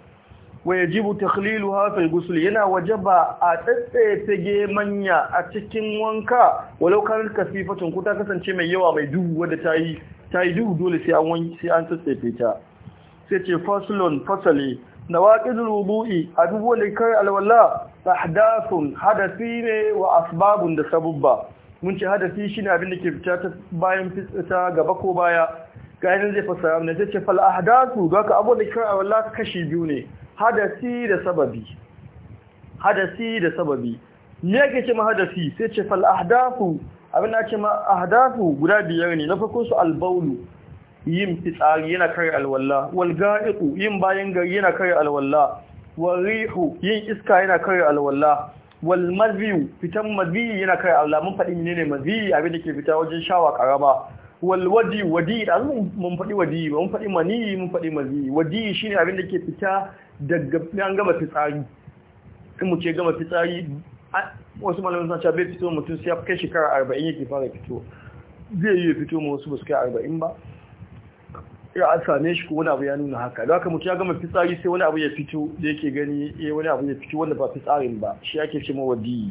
[SPEAKER 1] wayajibu takhliluha fil gusli, yana wajaba a tsatsefe gemanya a cikin wanka walau kan kasifatun ku ta kasance mai yawa mai duhu wanda tayi yi duhu dole sai an wanki sai an tsatsefe ta sai ce faslun fasali nawaqidul wudu'i abubuwan da kai alwala hadafin hadasi ne wa asbabun da sabubba mun ce hadasi shi abin da ke fita ta bayan fita gaba ko baya ga zai fasara ne zai ce fal ahdathu ga ka abu da kai alwala kashi biyu ne hadasi da sababi hadasi da sababi me ke ce ma hadasi sai ce fal ahdathu abin da ce ma ahdathu guda biyar ne na farkon su albaulu. yin fitsari yana kare alwalla wal ga'iqu yin bayan gari yana kare alwalla wal rihu yin iska yana kare alwalla wal maziyu fitan maziyi yana kare alwalla mun faɗi menene maziyi abin da ke fita wajen shawa karaba wal wadi wadi da mun faɗi wadi mun faɗi mani mun faɗi maziyi wadi shine abin da ke fita daga an gama fitsari in mu ce gama fitsari wasu malamin sun ce bai fito mutum sai ya kai shekara 40 yake fara fito zai yi fito ma wasu ba su kai 40 ba ya an same shi ko wani abu ya nuna haka da haka mutu ya gama fitsari sai wani abu ya fito da yake gani ya eh, wani abu ya fito wanda ba fitsarin ba shi ake ce ma wadi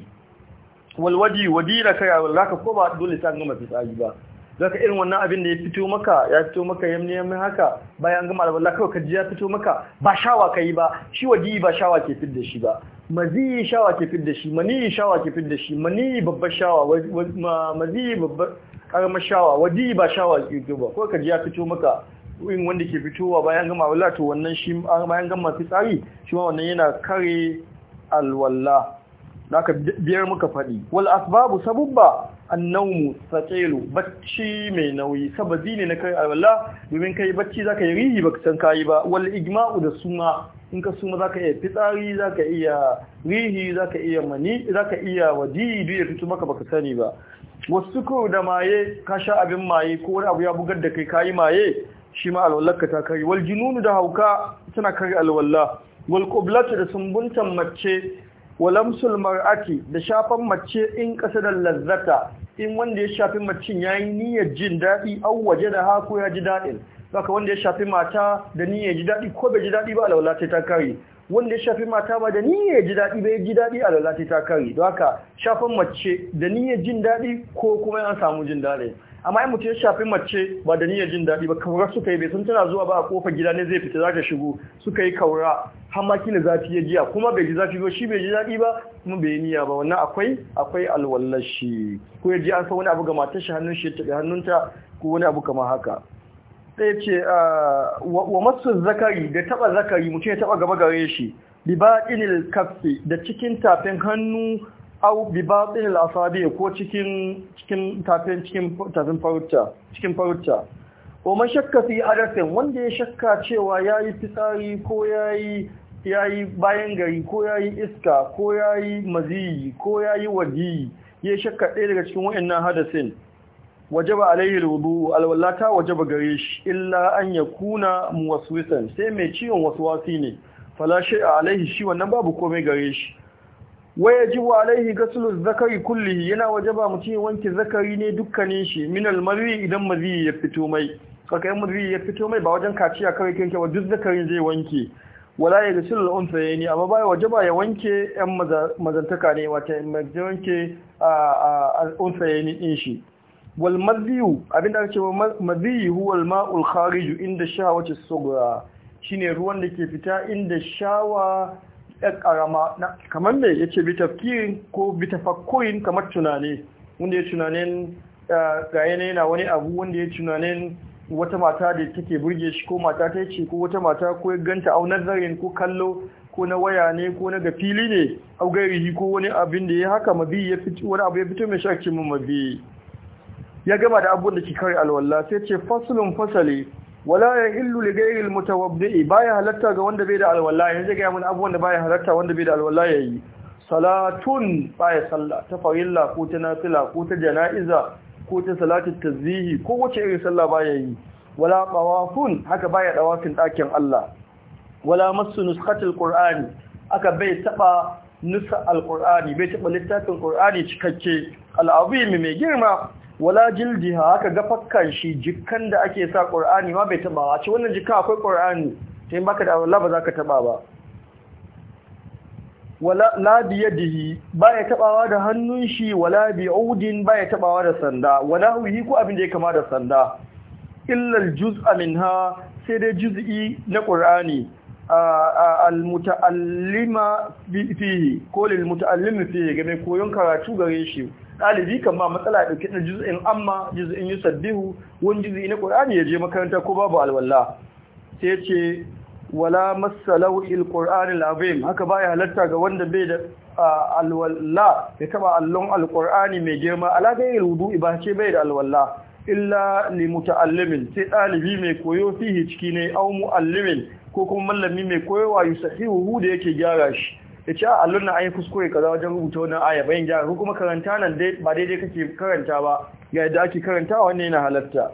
[SPEAKER 1] wal wadi wadi da kai zaka ko ba dole sai an gama fitsari ba zaka irin wannan abin da ya fito maka ya fito maka ya yamne haka bayan gama alwala kawai ka ji ya fito maka ba shawa kai ba shi wadi ba shawa ke fit da shi ba mazi shawa ke fit da shi mani shawa ke fit da shi mani babbar shawa mazi babbar karamar shawa wadi ba shawa ke ba ko ka ji ya fito maka in wanda ke fitowa bayan gama wala to wannan shi bayan gama fitsari shi ma wannan yana kare alwala aka biyar muka faɗi wal asbabu sabubba annawmu satailu bacci mai nauyi sabazi ne na kai alwalla, domin kai bacci zaka yi rihi baka san kai ba wal ijma'u da suma in ka suma zaka iya fitsari zaka iya rihi zaka iya mani zaka iya waji duk ya fito maka baka sani ba wasu ko da maye ka sha abin maye ko wani abu ya bugar da kai kayi maye shi ma ta kari. wal jinunu da hauka tana kari alwala. wal qublatu da sumbuntan mace wal amsul mar'ati da shafan mace in da lazzata in wanda ya shafi macin yayi niyyar jin dadi aw wajada ha ko ya ji dadin saka wanda ya shafi mata da niyyar ji dadi ko bai ji dadi ba alwalla ta kari. wanda ya shafi mata ba da niyyar ji daɗi ba ji daɗi a lalata ta kari. don haka shafan mace da niyyar jin daɗi ko kuma ya samu jin daɗi amma in mutum ya shafi mace ba da niyyar jin daɗi ba kaura suka yi bai san tana zuwa ba a kofar gida ne zai fita za ta shigo suka yi kaura har ma kila zafi ya jiya kuma bai ji zafi ba shi bai ji daɗi ba kuma bai yi niyya ba wannan akwai akwai alwallashi ko ya ji an san wani abu ga matar shi hannun shi ya taɓa hannunta ko wani abu kamar haka sai ce ah, wa masu zakari da taɓa zakari mutum ya taɓa gaba gare shi Liba libaɗinil kafi da cikin tafin hannu au bi al-asabi ko cikin cikin tafin cikin tafin farutta cikin farutta ko fi adasin wanda ya shakka cewa yayi fitsari ko yayi yayi bayan gari ko yayi iska ko yayi maziyi ko yayi waji ya shakka ɗaya daga cikin wa'annan hadasin wajaba alayhi alwudu alwallata wajaba gare shi illa an ya yakuna muwaswisan sai mai ciwon waswasi ne fala shay'a alaihi shi wannan babu komai gare shi waya ji wa alaihi gasulun zakari kulli yana wajaba mutum wanke zakari ne dukkanin shi minal mazi idan mazi ya fito mai kakai mazi ya fito mai ba wajen kaciya kawai kanke wa duk zakarin zai wanke wala ya gasulun unsa ya ne amma baya wajaba ya wanke yan mazantaka ne wata mazi wanke unsa ya ne din shi wal maziyu da ake cewa maziyu huwa al ma'ul khariju inda shahawati sughra shine ruwan da ke fita inda shawa ɗan ƙarama kamar me ya ce bitafkirin ko bitafakkurin kamar tunani wanda ya tunanin eh, ga yana wani abu wanda ya tunanin wata mata da take burge shi ko mata ta ce ko wata mata ko ya ganta au nazarin ko kallo ko na waya ne ko na ga fili ne au gairihi ko wani abin da ya haka mabi ya fito wani abu ya fito mai shakci mun mabi ya gama da abubuwan da ke kare alwala sai ce fasulun fasali wala ya illu li ghayril mutawabbi baya halatta ga wanda bai da alwala yanzu ga mun abubuwan da baya halatta wanda bai da alwala yayi salatun baya sallah ta farilla ko ta nafila ko ta jana'iza ko ta salatu tazihi ko wace irin sallah baya yi wala tawafun haka baya dawafin ɗakin Allah wala masu nuskatul qur'ani aka bai taba nusa alqur'ani bai taba littafin qur'ani cikakke al'azimi mai girma wala jildiha haka ga fakkan shi jikkan da ake sa qur'ani ma bai taba a ce wannan jikkan akwai qur'ani sai baka da Allah ba zaka taba ba wala la bi yadihi baya tabawa da hannun shi wala bi udin baya tabawa da sanda wala huyi ko abin da ya kama da sanda illa aljuz'a minha sai dai juz'i na qur'ani al-muta'allima fihi ko lil muta'allimi fihi game koyon karatu gare shi ɗalibi kan ma matsala ɗauki na juz'in amma juz'in sabbihu wani juz'i na qur'ani ya je makaranta ko babu al'walla. sai ce wala masalau il qur'ani azim haka baya halatta ga wanda bai da alwala ya taɓa allon Alƙur'ani mai girma alagayin gairi ibace ba ce bai da alwala illa li muta'allimin sai ɗalibi mai koyo fihi ciki ne au mu'allimin ko kuma mallami mai koyowa yusahihu da yake gyara shi ya ce allon na ayi kuskure kaza wajen rubuta wannan aya bayan gyara ko kuma karanta nan dai ba daidai kake karanta ba ga yadda ake karanta wannan yana halatta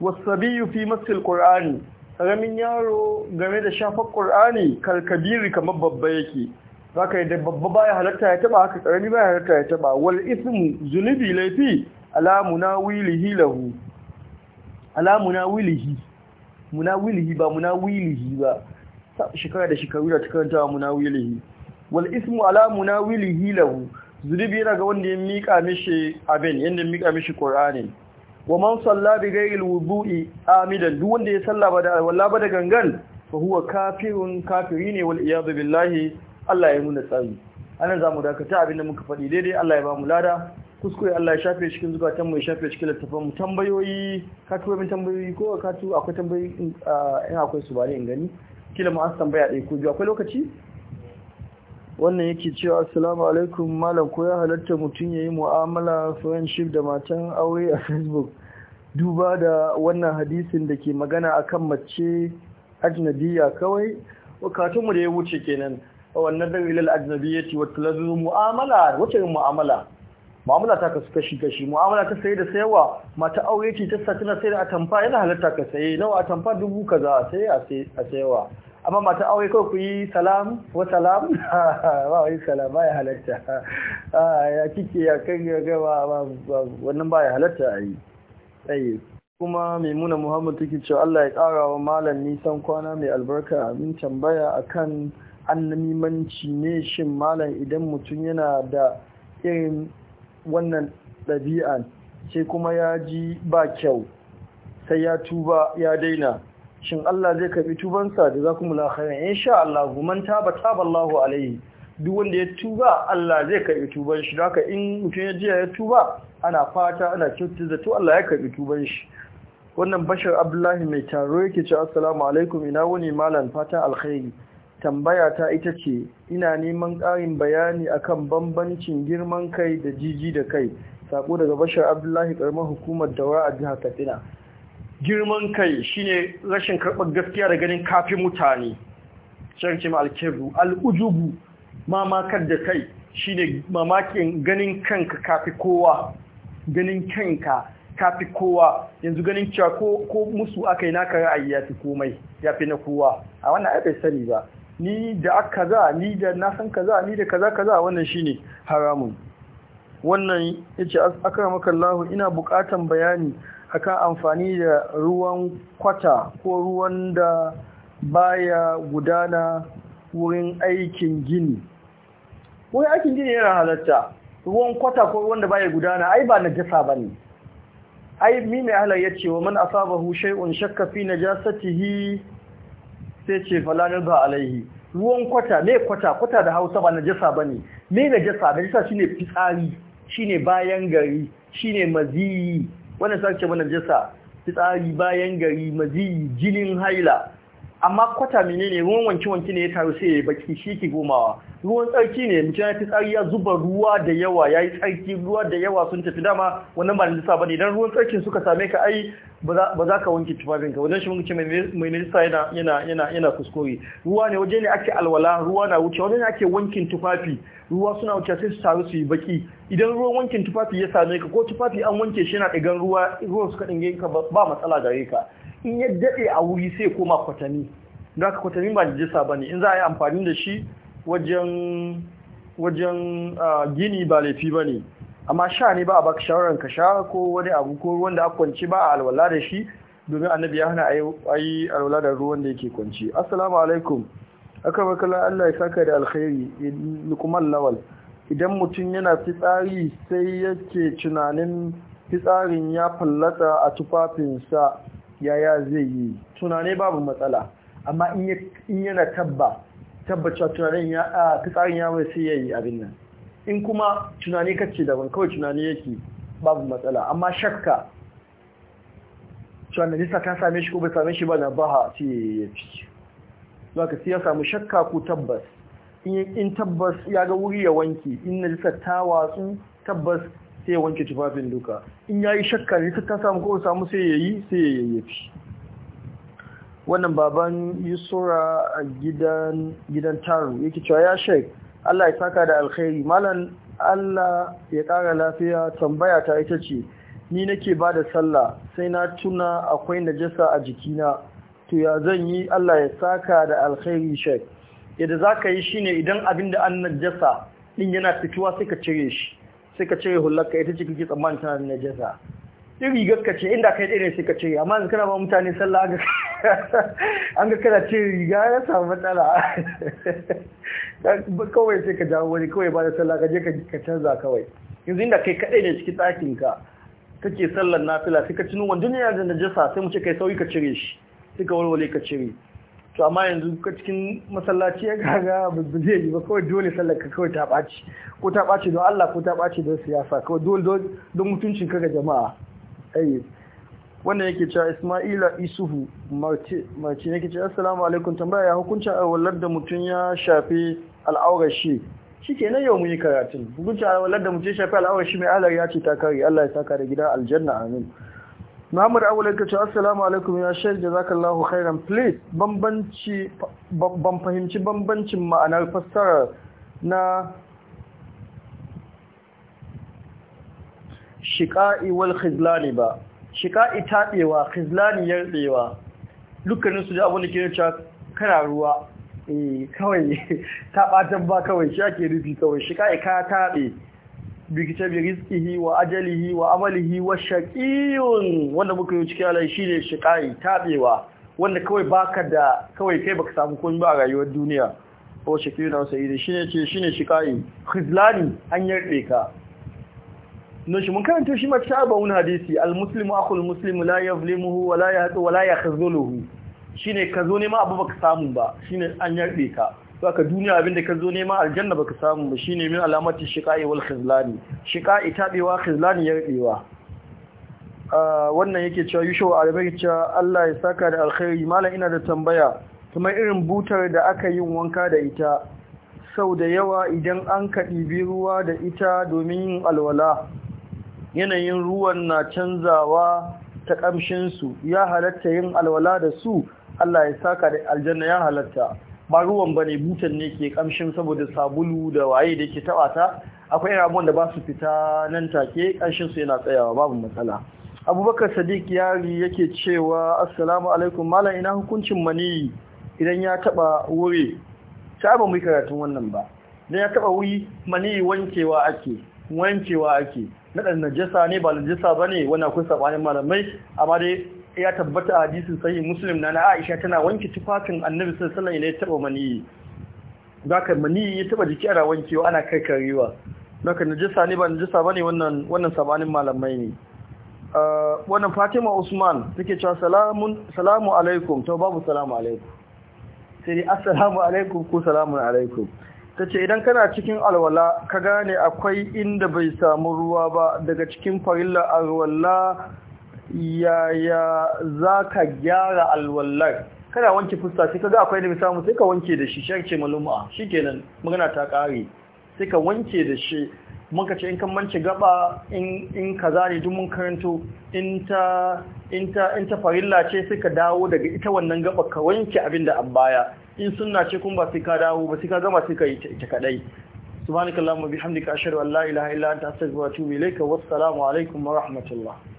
[SPEAKER 1] wasabiyu fi masil qur'ani karamin yaro game da shafar qur'ani kalkabiri kamar babba yake zaka da babba baya halatta ya taba haka karami baya halatta ya taba wal ismu zunubi laifi ala munawilihi lahu ala munawilihi munawilihi ba munawilihi ba shekara da shekaru da ta karanta wa munawilihi wal ismu ala munawilihi lahu zunubi yana ga wanda ya mika mishi abin yanda mika mishi qur'ani wa man salla bi ghairi wudu'i amidan duk wanda ya salla ba da walla ba da gangan fa huwa kafirun kafiri ne wal iyad billahi Allah ya nuna tsari anan zamu dakata abin da muka faɗi daidai Allah ya ba mu lada kuskure Allah ya shafe cikin zukatan mu ya shafe cikin littafin mu tambayoyi ka tuwa min tambayoyi ko ka tu akwai tambayoyi in ah, akwai su ba ne in gani kila mu an tambaya dai ko biyu akwai lokaci wannan yake cewa assalamu alaikum malam ko ya halatta mutum yayi mu'amala friendship da matan aure a facebook duba da wannan hadisin da ke magana akan mace ajnabiya kawai wakatunmu da ya wuce kenan a wannan dalilal ajnabiyyati wa talazu mu'amala wace mu'amala mu'amala ta kasu kashi kashi mu'amala ta saye da sayarwa mata aure ce ta sa tana sayar da atamfa yana halatta ka saye nawa atamfa dubu kaza sai a sayarwa amma mata aure kawai ku yi salam wa salam ba wai salam ba ya halatta ya kike ya kan ga ba wannan ba ya halatta a yi tsaye kuma maimuna muhammad take cewa allah ya kara wa malam nisan kwana mai albarka abin tambaya akan annamimanci ne shin malam idan mutum yana da irin wannan ɗabi'an sai kuma ya ji ba kyau sai ya tuba ya daina shin Allah zai karbi tubansa da zakumul khairan insha Allah guman taba taballahu alaihi duk wanda ya tuba Allah zai karbi tuban shi haka in mutum ya jiya ya tuba ana fata ana kyautar to Allah ya karbi tuban shi wannan bashar abdullahi mai taro yake ce assalamu alaikum ina wani malam fata alkhairi tambaya ta ita ce ina neman ƙarin bayani akan bambancin girman kai da jiji da kai sako daga bashar abdullahi karamar hukumar daura a jihar katsina girman kai shine rashin karɓar gaskiya da ganin kafin mutane sharci ma alkebu al'ujubu mamakar da kai shine mamakin ganin kanka kafi kowa ganin kanka kafi kowa yanzu ganin cewa ko musu aka yi naka ra'ayi ya fi komai ya fi na kowa a wannan ai bai sani ba ni da aka za ni da na san kaza ni da kaza kaza wannan shine haramun wannan yace akramakallahu ina bukatan bayani akan amfani da ruwan kwata ko ruwan da baya gudana wurin aikin gini wurin aikin gini yana halatta ruwan kwata ko ruwan da baya gudana ai ba na jasa ba ne. ai mi mai halar ya ce wa man hushai shay'un shakka fi najasatihi sai ce falanar ba alaihi ruwan kwata me kwata kwata da Hausa ba na jasa ba ne. me najasa shi shine fitsari shine bayan gari shine maziyi wannan sa ce mana fitsari bayan gari mazi jinin haila amma kwata menene ruwan wanke wanki ne ya taru sai ya baki shi ke gomawa ruwan tsarki ne mutum ya fitsari ya zuba ruwa da yawa ya yi tsarki ruwa da yawa sun tafi dama wannan ba nisa ba ne don ruwan tsarkin suka same ka ai ba za ka wanke tufafinka wajen shi mun ce mai nisa yana kuskure ruwa ne waje ne ake alwala ruwa na wuce wajen ake wankin tufafi ruwa suna wuce sai su taru su yi baki idan ruwan wankin tufafi ya same ka ko tufafi an wanke shi yana ɗigan ruwa ruwan suka ɗinge ka ba matsala gare ka in ya daɗe a wuri sai koma kwatani da kwatani ba jisa ba ne in za a yi amfani da shi wajen ah, gini ba laifi ba ne amma sha ne ba a baka shawaran ka sha ko wani abu ko ruwan da aka kwanci ba a alwala da shi domin annabi ya hana a yi alwala da ruwan da yake kwanci assalamu alaikum aka makala Allah ya saka da alkhairi lukman lawal idan mutum yana fitsari sai yake tunanin fitsarin ya fallata a tufafinsa yaya zai yi tunane babu matsala amma in yana tabba tabbacin tunanin ya fitsarin ya wai sai ya yi abin nan in kuma tunani kacce daban kawai tunani yake babu matsala amma shakka cewa najisa ta same shi ko bai same shi ba na baha sai ya fi za ka siya samu shakka ko tabbas in tabbas ya ga wuri ya wanke in najisa ta watsu tabbas sai ya wanke tufafin duka in ya yi shakka ne ta samu ko samu sai ya yi sai ya yayyafi wannan baban yusura a gidan taru yake cewa ya shek Allah ya saka da alkhairi malam Allah ya ƙara lafiya tambaya ta ita ce ni nake ba da sallah sai na tuna akwai najasa a jikina to ya zan yi Allah ya saka da alkhairi shek yadda za ka yi shi ne idan abin da an najasa ɗin yana fitowa sai ka cire shi sai ka cire hullarka ita ce kake tsammanin tana da najasa rigar ka ce inda kai ɗaya sai ka ce amma yanzu kana ba mutane sallah an ga kana ce riga ya samu matsala kawai sai ka jawo wani kawai ba da sallah ka je ka canza kawai yanzu inda kai kaɗai ne cikin ɗakin ka kake sallar nafila sai ka cinu wanda duniya da najasa sai mu ce kai sauyi ka cire shi sai ka walwale ka cire to amma yanzu ka cikin masallaci ya gaga ba zai yi ba kawai dole sallar ka kawai ta ɓaci ko ta ɓaci don Allah ko ta ɓaci don siyasa kawai dole don mutuncin ka ga jama'a ayyub wannan yake cewa Ismaila Isuhu mace yake cewa assalamu alaikum tambaya ya hukuncin wallar da mutum ya shafi al'aurashi. shi ke nan yau mun yi karatun hukuncin wallar da mutum ya shafi al'aurashi mai alar ya ce ta kare Allah ya saka da gida aljanna amin Muhammad Awul yake cewa assalamu alaikum ya shaykh jazakallahu khairan please bambanci ban fahimci bambancin ma'anar fassara na Shikai wal khizlani ba shika'i tabewa khizlani yardewa dukkanin su da abin da ke cewa kana ruwa eh kawai ta batan ba kawai shi ake rufi kawai shika'i ka tabe bikita bi rizqihi wa ajalihi wa amalihi wa shaqiyun wanda muka yi cikin alai shine shikai tabewa wanda kawai baka da kawai kai baka samu komai ba a rayuwar duniya ko shaqiyun wa sa'idi shine shi shine shika'i khizlani an yarde ka don shi mun karanta shi mace arba'un hadisi al-muslimu akhul muslim la yazlimuhu wa la yahdu wa la yakhzuluhu ka zo nema abu baka samu ba shine an yarbe ka saka duniya abinda ka zo nema aljanna baka samu ba shine min alamati shiqa'i wal khizlani shiqa'i tabewa khizlani yarbewa wannan yake cewa yusho arabai cewa Allah ya saka da alkhairi malam ina da tambaya kuma irin butar da aka yi wanka da ita sau da yawa idan an kaɗi ruwa da ita domin yin alwala yanayin ruwan na canzawa ta ƙamshinsu ya halatta yin alwala da su Allah ya saka da aljanna ya halatta ba ruwan ba ne butan ne ke ƙamshin saboda sabulu da waye da ke taɓa ta akwai ramuwan da ba su fita nan take ƙamshinsu yana tsayawa babu matsala abubakar sadiq yari yake cewa assalamu alaikum malam ina hukuncin maniyi idan ya taɓa wuri ta ba mu karatun wannan ba idan ya taɓa wuri maniyi wankewa ake wancewa ake naɗan najasa ne ba najasa ba ne wani akwai saɓanin malamai amma dai ya tabbata a hadisin sahih musulun na na aisha tana wanke tufafin annabi sun sallan ina ya taɓa maniyi ka maniyi ya taɓa jiki ana wankewa ana kai karewa zaka najasa ne ba najasa ba ne wannan saɓanin malamai ne uh, wannan Fatima Usman suke cewa salamu alaikum to babu salamu alaikum sai dai assalamu alaikum ko salamun alaikum ta ce idan kana cikin alwala ka gane akwai inda bai samu ruwa ba daga cikin farilla alwala yaya za ka gyara alwallar kana wanke fuska sai ka ga akwai da bai sai ka wanke da shi shi ce maluma shi kenan magana ta ƙare sai ka wanke da shi mun ka ce in kan manci gaba in kaza ne duk mun karanto in ta farilla ce sai ka dawo daga ita wannan gaba ka wanke abin da an baya in sunna ce kun ba sai ka dawo ba sai ka gama sai ka yi ta kadai subhanakallahumma bihamdika ashhadu an la ilaha illa anta astaghfiruka wa atubu ilayka wassalamu alaikum wa rahmatullah